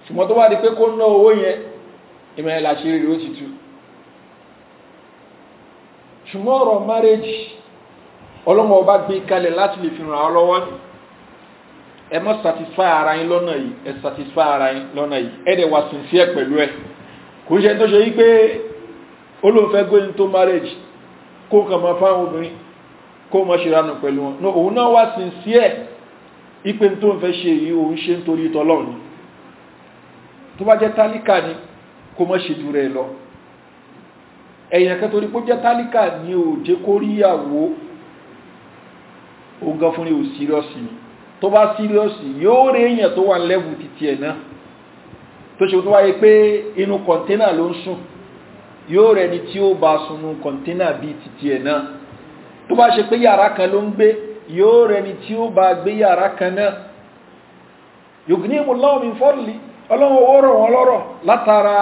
ṣùgbọ́n tó di pé kó ná owó yẹn ìmọ̀lẹ̀ àṣírí rẹ̀ ó ti tú ṣùgbọ́n ọ̀rọ̀ marriage ọlọ́mọ ọba gbé kalẹ̀ láti lè ni ẹ mọ́ satisfy ara yín lọ́nà yìí ẹ satisfy ara yín lọ́nà yìí ẹ dẹ̀ wà sincere pẹ̀lú ẹ kò ń ṣe tó ṣe yí pé olóòfẹ́ go into marriage kó kàn máa fáwọn obìnrin kó mọ́ ṣe pẹ̀lú wọn no òun náà wà sincere ipe tó ń fẹ́ ṣe yìí òun ṣe nítorí tọ́lọ́run tó bá jẹ́ tálíkà ni kó mọ́ ṣe jù rẹ̀ lọ ẹ̀yìn ẹ̀kẹ́ torí pó jẹ́ tálíkà ni ò jẹ́ kó ríyàwó ó gan ò sírọ́sì ni tó bá síríọ̀sì yóò rí èèyàn tó wà lẹ́bù títí ẹ̀ náà tó ṣe tó wáyé pé inú kọ̀ntẹ́nà ló ń sùn yóò rẹ̀ ni tí ó bá sunú kọ̀ntẹ́nà bíi títí ẹ̀ náà tó bá ṣe pé yàrá kan ló ń gbé yóò rẹ̀ ni tí ó bá gbé yàrá kan náà yògùn ní ìmúláwọ̀ ọlọ́wọ́ ó rọ̀ wọ́n lọ́rọ̀ látara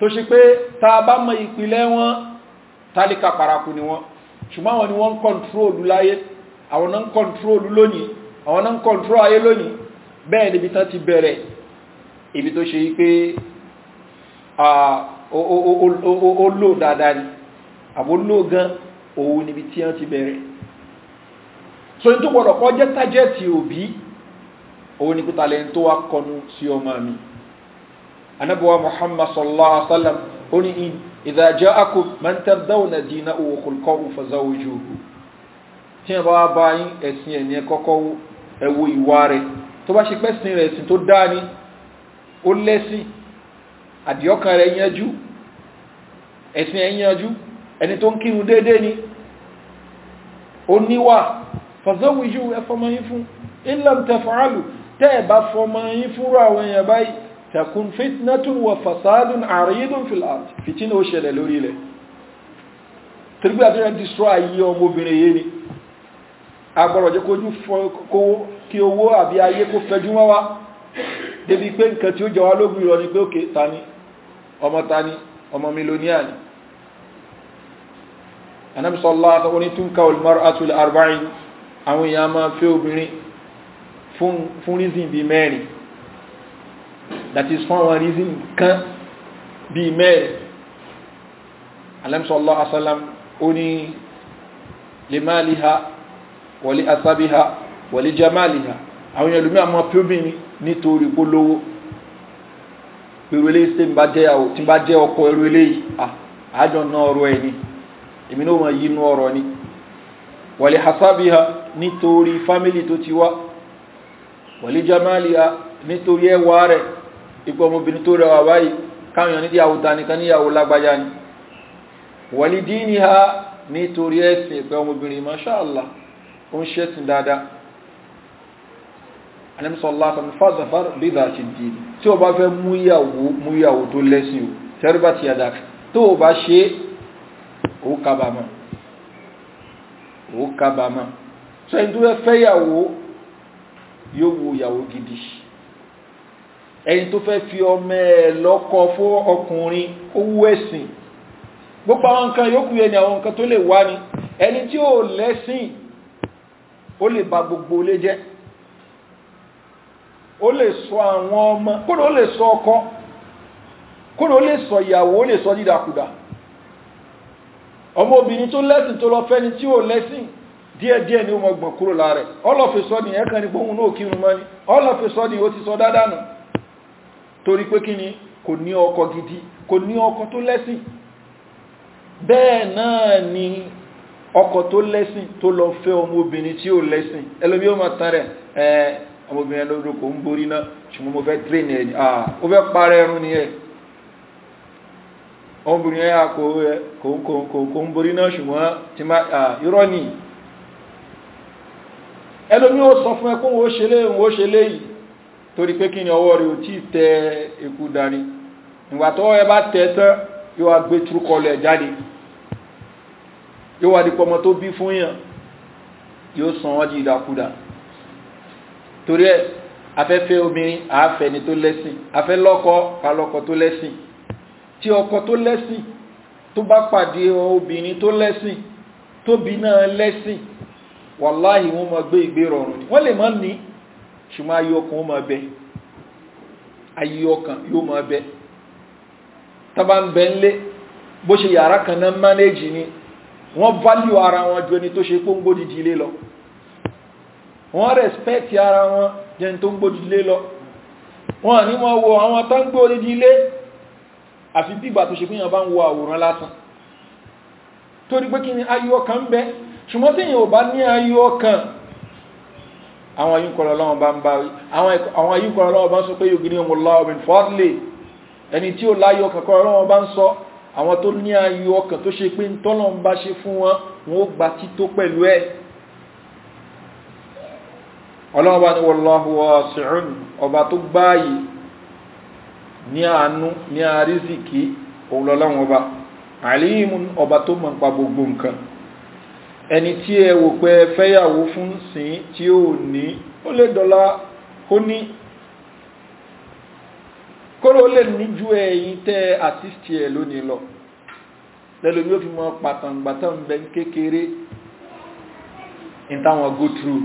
tó ṣe pé tá bá mọ ìpìlẹ̀ wọn tálíkà paraku ni wọn ṣùgbọ́n àwọn ni wọ́n ń kọ́ntrólù láyé àwọn náà ń kọ́ntrólù lónìí àwọn náà ń kọ́ntrólù ayé lónìí bẹ́ẹ̀ níbi tán ti bẹ̀rẹ̀ ibi tó ṣe yí pé ó lò dáadáa ni àbó lò gan òun níbi tí wọ́n ti bẹ̀rẹ̀ so ní tó gbọ́dọ̀ kọ́ jẹ́ tájẹ́ẹ̀tì òbí òun ni kúta lẹ́yìn tó wá kọnu sí ọmọ mi anabuwa muhammad sallallahu alaihi wasallam ó ní in idha ja'akum man tardawna dinahu wa khulquhu fazawwijuhu tí ẹ bá bá yín ẹ̀sìn ẹni ẹ kọ́kọ́ ẹ wo ìwà rẹ̀ tó bá ṣe pẹ́sìn rẹ̀ ẹ̀sìn tó dáa ni ó lẹ́sìn àdìọ́kàn rẹ̀ yanjú ẹ̀sìn ẹ̀ yanjú ẹni ni ó níwà fazawwiju ẹ fọmọ yín fún in lam taf'alu tẹ́ ẹ bá fọmọ yín fúnra àwọn èèyàn báyìí takun fitnatun wa fasadun aridun fil ard fitina ó ṣẹlẹ̀ lórí ilẹ̀ tìrìbí àti ẹni destroy ayé ọmọbìnrin yé ni agbọ́rọ̀ jẹ́ kójú kí owó àbí ayé kó fẹjú wá wá débi pé nǹkan tí ó jọ wá lógún ìrọ̀ ni pé òkè tani ọmọ tani ọmọ milonia ni anamsọ́lá àtàwọn onítúnkà olùmọ́rọ̀ àtúlẹ̀ arba'in àwọn èèyàn máa fẹ́ obìnrin fún rízìn bíi mẹ́rin that is for àwọn reason kan be mẹ́rin alẹ́mùsọ̀lọ́ asálàm ó ní limaliha wali asabiha, wali jamaliha àwọn ẹlòmí àmọ́ pẹ́bìnrin nítorí polówó pẹ̀lú eléyìí tí n bá jẹ́ ọkọ̀ ẹrú eléyìí àájọ náà ọrọ̀ ẹ̀ ni èmi náà wọ́n yí inú ọrọ̀ ni Wali hasabiha nítorí family to ti wá wọlé jamaliha nítorí ẹwà rẹ̀ ipò ọmọbìnrin tó rẹwà báyìí káwọn èèyàn níyàwó ta nìkan níyàwó lágbájá ni wàlí díìní ha nítorí ẹ̀sìn ìpẹ́ ọmọbìnrin mashallah ó ń ṣẹ́sìn dáadáa anamsọ́lá sọ̀rọ̀ fásafár bíbá ti di tí o bá fẹ́ múyàwó múyàwó tó lẹ́sìn o tẹ́rìbá ti yàdá tó o bá yóò wo ìyàwó gidi ṣe ẹni tó fẹ́ fi ọmọ ẹ̀ lọ́kọ fún ọkùnrin owó ẹ̀sìn gbogbo àwọn nǹkan yókù yẹn ni àwọn nǹkan tó lè wá ni ẹni tí ó lẹ́sìn ó lè ba gbogbo ilé jẹ́ ó lè sọ àwọn ọmọ kódà ó lè sọ ọkọ kódà ó lè sọ ìyàwó ó lè sọ dídàkudà ọmọ obìnrin tó lẹ́sìn tó lọ fẹ́ni tí ó lẹ́sìn díẹ̀díẹ̀ ni ó mọ̀ gbọ̀n kúrò sọ ni ẹ̀kan ni gbóhun náà sọ ni ó sọ dáadáa nù torí pé kí ni kò ní gidi kò ní tó lẹ́sìn bẹ́ẹ̀ náà ni ọkọ tó lẹ́sìn tó lọ fẹ́ ọmọbìnrin tí ó lẹ́sìn ẹlòmí ó máa tán rẹ̀ ẹ ọmọbìnrin lórí ń borí náà ṣùgbọ́n mo fẹ́ tírèèni ẹ̀ ah ó fẹ́ parẹ́ ẹrun ni ẹ̀ ọmọbìnrin ẹ̀ kò ń borí náà ṣùgbọ́n tí má ah irọ́ ẹlòmí ó sọ fún torí pé kí ni ọwọ́ rẹ̀ o tí tẹ eku darí ìgbà tọ́wọ́ ẹ bá tẹ tán yóò wá gbé túrúkọlẹ̀ jáde yóò wá di pọmọ tó bí fún yàn yóò sàn wọ́n di torí ẹ afẹ́fẹ́ obìnrin ni tó lẹ́sìn afẹ́ lọ́kọ kálọ́kọ tó lẹ́sìn tí ọkọ tó lẹ́sìn tó bá pàdé obìnrin tó lẹ́sìn tóbi náà lẹ́sìn wàláhì wọ́n máa gbé ìgbé rọrùn wọ́n lè máa ní ṣùgbọ́n ayé ọkàn ó máa bẹ ayé ọkàn yóò máa bẹ tábà ń bẹ ńlé bó ṣe yàrá kan náà mánéjì ni wọ́n válù ara wọn ju ẹni tó ṣe pé ń gbódìdí ilé lọ wọ́n rẹ̀spẹ̀tì ara wọn jẹni tó ń gbódìdí ilé lọ wọ́n ní wọ́n wo àwọn tó ń gbódìdí ilé àfi bígbà tó ṣe pé yàn bá ń wo àwòrán lásán torí pé kí ni ayé ọkàn ń bẹ ṣùgbọ́n tí yàn ò bá ní ayé ọkàn àwọn ayúkọ̀rọ̀ lọ́wọ́ bá ń bá àwọn ayúkọ̀rọ̀ lọ́wọ́ bá ń sọ pé yóò gírí ọmọ lọ́wọ́ fọ́dlé ẹni tí ó láyé ọkàkọ̀rọ̀ lọ́wọ́ bá ń sọ àwọn tó ní ayé ọkàn tó ṣe pé ń tọ́lọ̀ ń bá ṣe fún wọn wọn ó gba tító pẹ̀lú ẹ̀ ọlọ́wọ́ bá ní wọ́lọ́wọ́ sìrún ẹni tí ẹ wò pé ẹ fẹ́yàwó fún sìn tí ó ní ó lè dọ́là kó ní kóró lè ní ju ẹ̀yin tẹ́ assist ẹ lónìí lọ lẹ́lómi ó fi mọ pàtàǹgbàtàn bẹ kékeré in táwọn go through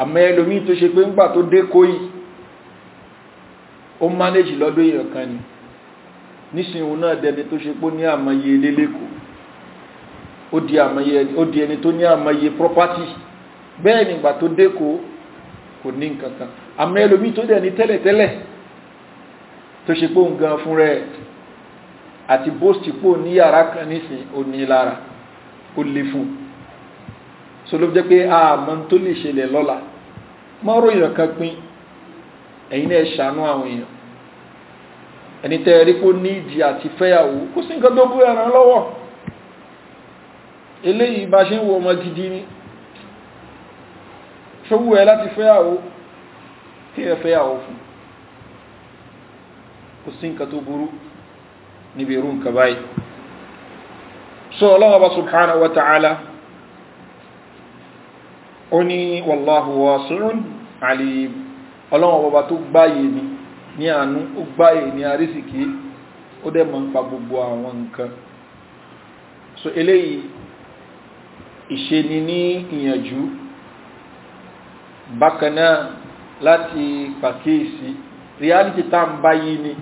àmọ́ ẹlòmí tó ṣe pé ńgbà tó dé kóyì ó manage lọ́dún èèyàn kan ni nísìnyí òun náà dẹni tó ṣe pé ó ní àmọye lélẹ́kọ̀ọ́ ó di àmọye ó di ẹni tó ní àmọye property bẹ́ẹ̀ nígbà tó dẹ́kọ̀ kò ní nǹkan kan àmọ́ ẹlòmíì tó dẹ̀ ní tẹ́lẹ̀tẹ́lẹ̀ tó ṣe pé òun gan fún rẹ̀ àti bóòsì pò ní yàrá kan nísìn ó ní lára ó lè fún so ló jẹ́ pé àmọ́ tó lè ṣẹlẹ̀ lọ́la mọ́rọ̀ èèyàn kan pín ẹ̀yin náà ṣàánú àwọn èèyàn ẹni tẹ́ ẹ ní ìdí àti fẹ́yàwó kó sí nǹkan tó bú ẹran lọ́wọ́ eléyìí bá ṣe ń wo ọmọ gidi ní ṣówú ẹ láti fẹ́yàwó kí ẹ fẹ́yàwó fún kò sí nǹkan tó burú níbi irú nǹkan báyìí so ọlọ́wọ́ bá subhanahu wa ta'ala ó ní wallahu wasi'un alim ọlọ́wọ́ bá tó gbáyé ni ní àánú ó gbáyé ní àrísìkí ó dẹ̀ mọ́ ń pa gbogbo àwọn nǹkan so eléyìí ìṣeni ní ìyànjú bákanáà láti pàkíyèsí reality tá ń bá yìí ni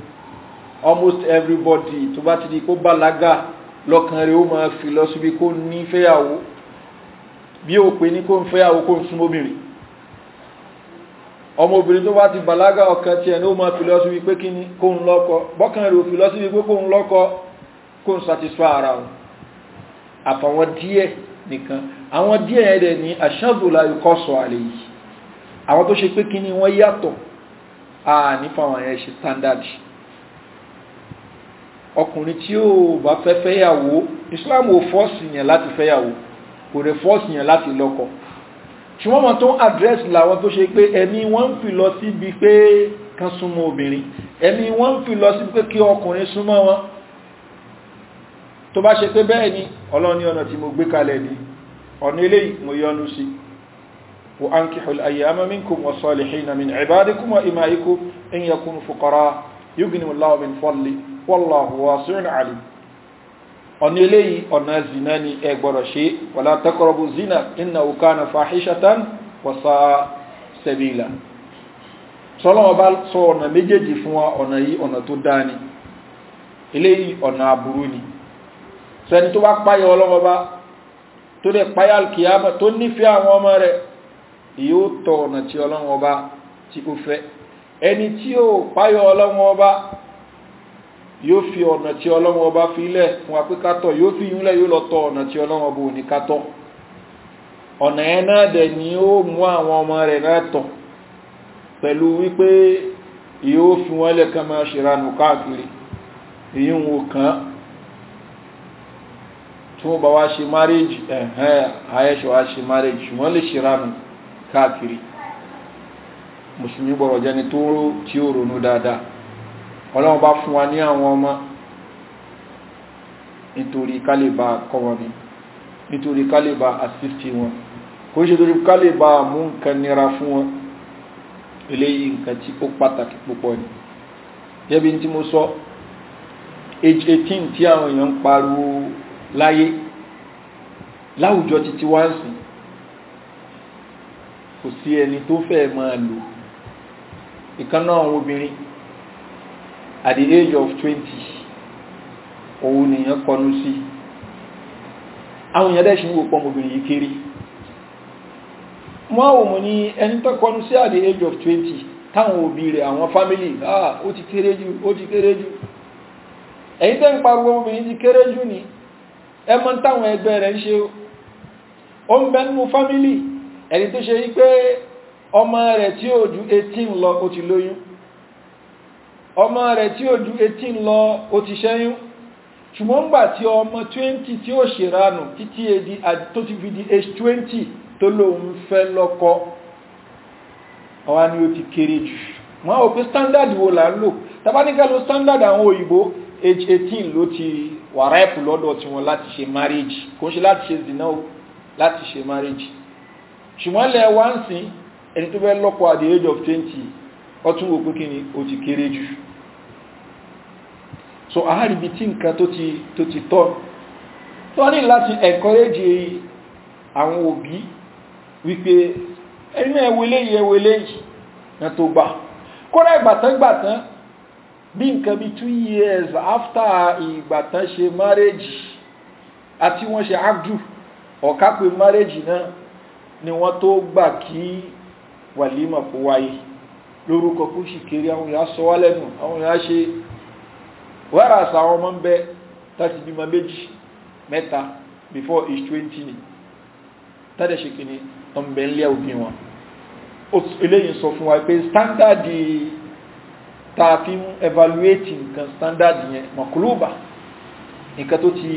almost everybody tó bá ti di kó bàlágà lọ́kàn rẹ̀ ó máa fi lọ síbi kó ní fẹ́yàwó bí ó pè ní kó ń fẹ́yàwó kó ń súnmọ́bìnrin ọmọbìnrin tó bá ti bàlágà ọkàn tiẹ̀ ní ó máa fi lọ síbi pé kí ni kó ń lọ́kọ bọ́kàn rẹ̀ ò fi lọ síbi pé kó ń lọ́kọ kó ń satisfy ara wọn àtàwọn díẹ̀ nìkan àwọn díẹ̀ ẹ̀rẹ̀ ní àṣàdùlá ikọ́ sọ àlè yìí àwọn tó ṣe pé kí ni wọ́n yàtọ̀ à ní fáwọn ẹ̀ ṣe standard ọkùnrin tí ó bá fẹ́ fẹ́yàwó islam ò fọ́ọ̀sì yẹn láti fẹ́yàwó kò rẹ̀ fọ́ọ̀sì yẹn láti lọ́kọ ṣùgbọ́n wọn tó ń address làwọn tó ṣe pé ẹni wọ́n ń fi lọ síbi pé kan súnmọ́ obìnrin ẹni wọ́n ń fi lọ síbi pé kí ọkùnrin súnmọ́ wọn tó bá ṣe pé bẹ́ẹ̀ ni ọlọ́run ní ọ̀nà tí mo gbé kalẹ̀ ní ọ̀nà eléyìí mo yọnu sí wa ankihu al-ayyama minkum was-salihina min ibadikum wa imaikum in yakunu fuqara yughnihimu Allahu min fadli wallahu wasi'un 'alim ọ̀nà eléyìí ọ̀nà zina ni ẹ gbọ́dọ̀ ṣe wala taqrabu zina innahu kana fahishatan wa sa'a sabila sọ́lọ́wọ́ bá sọ ọ̀nà méjèèjì fún wa ọ̀nà yìí ọ̀nà tó dáa ni eléyìí ọ̀nà aburú ni sẹni tó bá páyà ọlọ́mọba tó dẹ̀ páyà alkiyama tó nífẹ̀ẹ́ àwọn ọmọ rẹ̀ yóò tọ̀ ọ̀nà tí ọlọ́mọba tí ó fẹ́ ẹni tí ó páyà ọlọ́mọba yóò fi ọ̀nà tí ọlọ́mọba fi lẹ̀ fún apíkátọ̀ yóò fi yúnlẹ̀ yóò lọ tọ̀ ọ̀nà tí ọlọ́mọba ò ní kátọ̀ ọ̀nà ẹ̀ náà dẹ̀ ni ó mú àwọn ọmọ rẹ̀ náà pẹ̀lú wípé yóò fi wọ́n lẹ̀ kan máa ṣèrànù káàkiri èyí ń wò kàn án tí wọ́n bá wá ṣe márèjì ẹ̀hẹ́n ayẹ́ṣọ́ wá ṣe márèjì ṣùgbọ́n lè ṣe ránu káàkiri mùsùlùmí gbọ́rọ̀ jẹ́ni tó rò tí ó ronú dáadáa ọlọ́run bá fún wa ní àwọn ọmọ nítorí kálíbà kọ́ wọn ni nítorí kálíbà àsìsì wọn kò ṣe torí kálíbà mú nǹkan nira fún wọn eléyìí nǹkan tí ó pàtàkì púpọ̀ ni jẹ́bi tí mo sọ age 18 tí àwọn èèyàn ń pariwo láyé láwùjọ títí wá ń sìn kò sí ẹni tó fẹ́ máa lò ìkan náà àwọn obìnrin at the age of twenty òun nìyẹn kọnu sí àwọn èèyàn dẹ̀ ṣe ń wò pọ́ ọmọbìnrin yìí kiri wọ́n wò mọ̀ ní ẹni tó kọnu sí at the age of twenty táwọn òbí rẹ̀ àwọn fámílì ah ó ti kéré jù ó ti kéré jù ẹ̀yìn tẹ́ ń pariwo obìnrin ti kéré jù ni ẹmọ táwọn ẹgbẹ́ rẹ̀ ń ṣe o ń bẹ nínú fámílì ẹni tó ṣe wípé ọmọ rẹ̀ tí ó ju 18 lọ ó ti lóyún ọmọ rẹ̀ tí ó ju 18 lọ ó ti ṣẹ́yún ṣùgbọ́n gbà tí ọmọ 20 tí ó ṣèrànù títí èdè e tó ti fi di age 20 tó lóun fẹ́ lọ́kọ ọwá ni ó ti kéré jù wọ́n ò pé standard wo là ń lò tàbá lo standard àwọn òyìnbó age 18 ló ti wàrẹ́pù lọ́dọ̀ tí wọn láti ṣe marriage kò ṣe láti ṣe zina o láti ṣe marriage ṣùgbọ́n lẹ́ wá ń sìn ẹni tó fẹ́ lọ́kọ at the age of twenty ọtún wò pé kí ni o ti kéré jù so àárìbí tí nǹkan tó ti tó ti tọ́ tó láti encourage àwọn òbí wípé ẹni ẹwẹlẹ́yìí ẹwẹlẹ́yìí na tó gbà kódà ìgbàtán gbàtán bí nǹkan bí two years after ìgbà tán ṣe marriage àti wọ́n ṣe abdu ọ̀ká pé marriage náà ni wọ́n tó gbà kí wàlímà kó wáyé lórúkọ kó sì kéré àwọn ìyá sọ wá lẹ́nu àwọn ìyá ṣe wẹ́rà àṣà ọmọ ń bẹ láti bímọ méjì mẹ́ta before age twenty ni tádẹ̀ ṣe kìíní ọmọbẹ̀ ńlẹ́ òbí wọn eléyìí sọ fún wa pé standard tá a fi ń evaluate nǹkan standard yẹn mọ̀kúlùbà nǹkan tó ti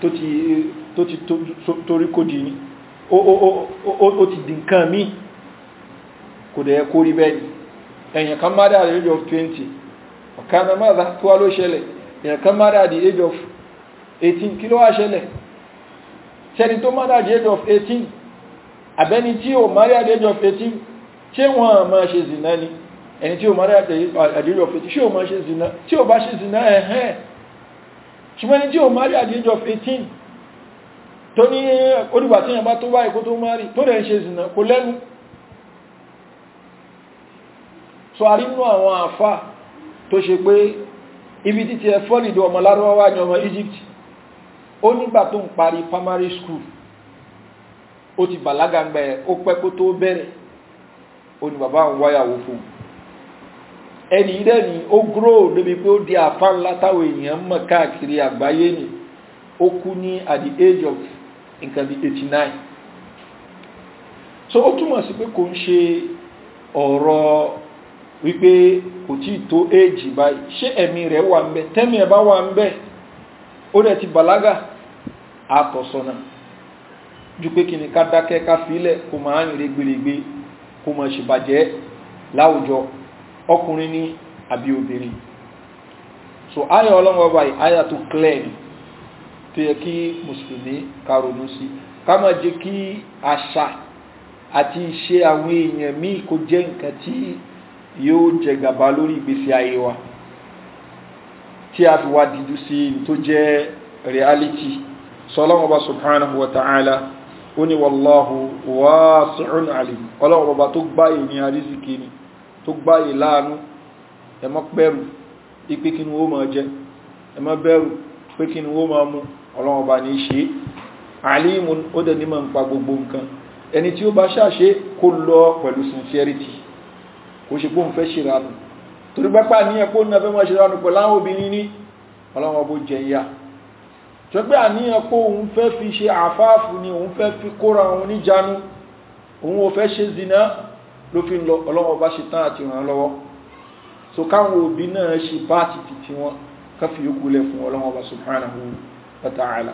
tó ti tó ti torí kò di ní ó ti di nǹkan míì kò dẹ̀ kó rí bẹ́ẹ̀ ni ẹ̀yìn kan má dà the age of twenty ọ̀kan náà má dà tó wá ló ṣẹlẹ̀ ẹ̀yìn kan má dà the age of eighteen kí ló wá ṣẹlẹ̀ ṣẹni tó má dà the age of eighteen àbẹ́ni tí ò má dà the age of eighteen ṣé wọ́n máa ṣe zìnà ni ẹni tí o máa dáyàtọ̀ àdéjọ́ fẹ́tí ṣé o máa ṣe zina tí o bá ṣe zina ẹ̀hẹ́n ṣùgbọ́n ẹni tí o máa rí àdéjọ́ fẹ́tí tó ní orígbà tí yàmbá tó báyìí kó tó máa rí tó rẹ̀ ṣe zina kò lẹ́nu so a rí nú àwọn àfá tó ṣe pé ibi títí ẹ fọ́lìdì ọmọ lárúwáwá ní ọmọ Egypt ó nígbà tó ń parí primary school ó ti bàlágàgbẹ̀ ó pẹ́ kó tó bẹ̀rẹ̀ ó ní bàbá àwọn wáyàwó fún un ẹni yìí dẹ́ni ó gúrò débi pé di àpá ńlá táwọn èèyàn mọ̀ káàkiri ni ó kú ní at the age of nǹkan eighty nine. so ó túmọ̀ sí pé kò ń ṣe ọ̀rọ̀ wípé kò tí tó éèjì báyìí ṣé ẹ̀mí rẹ̀ wà ń bẹ tẹ́mi ẹ̀ bá wà ń ó dẹ̀ ti bàlágà àtọ̀sọ̀nà ju pé kí ni ká dákẹ́ ká fílẹ̀ kó máa ń rìn rẹ́gbèrègbè kó máa ọkùnrin ní àbí obìnrin so ayọ̀ ọlọ́run ọba yìí ayà tó clear ni tó yẹ kí mùsùlùmí ká ronú sí ká má jẹ́ kí àṣà àti ìṣe àwọn èèyàn míì kó jẹ́ nǹkan tí yóò jẹ gàba lórí ìgbésí ayé wa tí a fi wá dídú sí tó jẹ́ reality sọlọ́wọ́ bá subhanahu wa ta'ala ó ní wàlláhu wàásùn alim ọlọ́wọ́ bá tó gbáyé ní àrísìkí ni tó gbáyè láàánú ẹ má bẹ̀rù pé kí ni wọ́n máa jẹ ẹ má bẹ̀rù pé kí ni wọ́n máa mu ọlọ́run ọba ní í ṣe àlímù ó dẹ̀ ní mọ̀ nípa gbogbo nǹkan ẹni tí ó bá ṣàṣe kó lọ pẹ̀lú sincerity kó ṣe pé òun fẹ́ ṣe ránu torí pápá ní ẹ̀kọ́ ní afẹ́ mọ́ ṣe ránu pẹ̀lú obìnrin ní ọlọ́run ọbọ̀ jẹ̀yà tó pé àníyàn pé òun fẹ́ fi ṣe àfáàfù ni òun fẹ́ fi kóra òun níjanu òun ò fẹ́ ṣe zina ló fi ń lọ ọlọ́wọ́ bá ṣe tán àti ràn án lọ́wọ́ so káwọn òbí náà ṣe bá ti tìtì wọn káfí yókù lẹ̀ fún ọlọ́wọ́ bá subhanahu wa ta'ala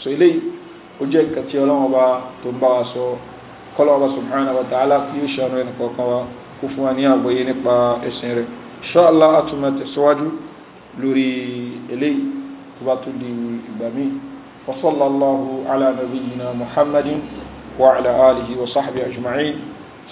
so eléyìí ó jẹ́ nǹkan tí ọlọ́wọ́ bá tó ń bá wa sọ kọ́lọ́wọ́ bá subhanahu wa ta'ala kí yóò ṣàánú ẹnì kọ̀ọ̀kan wa kó fún wa ní àgbọ́yé nípa ẹ̀sìn rẹ̀ ṣọ́ọ́lá àtúmọ̀ tẹ̀síwájú lórí eléyìí tó bá tún di ìgbà míì وصلى الله على نبينا محمد وعلى آله وصحبه أجمعين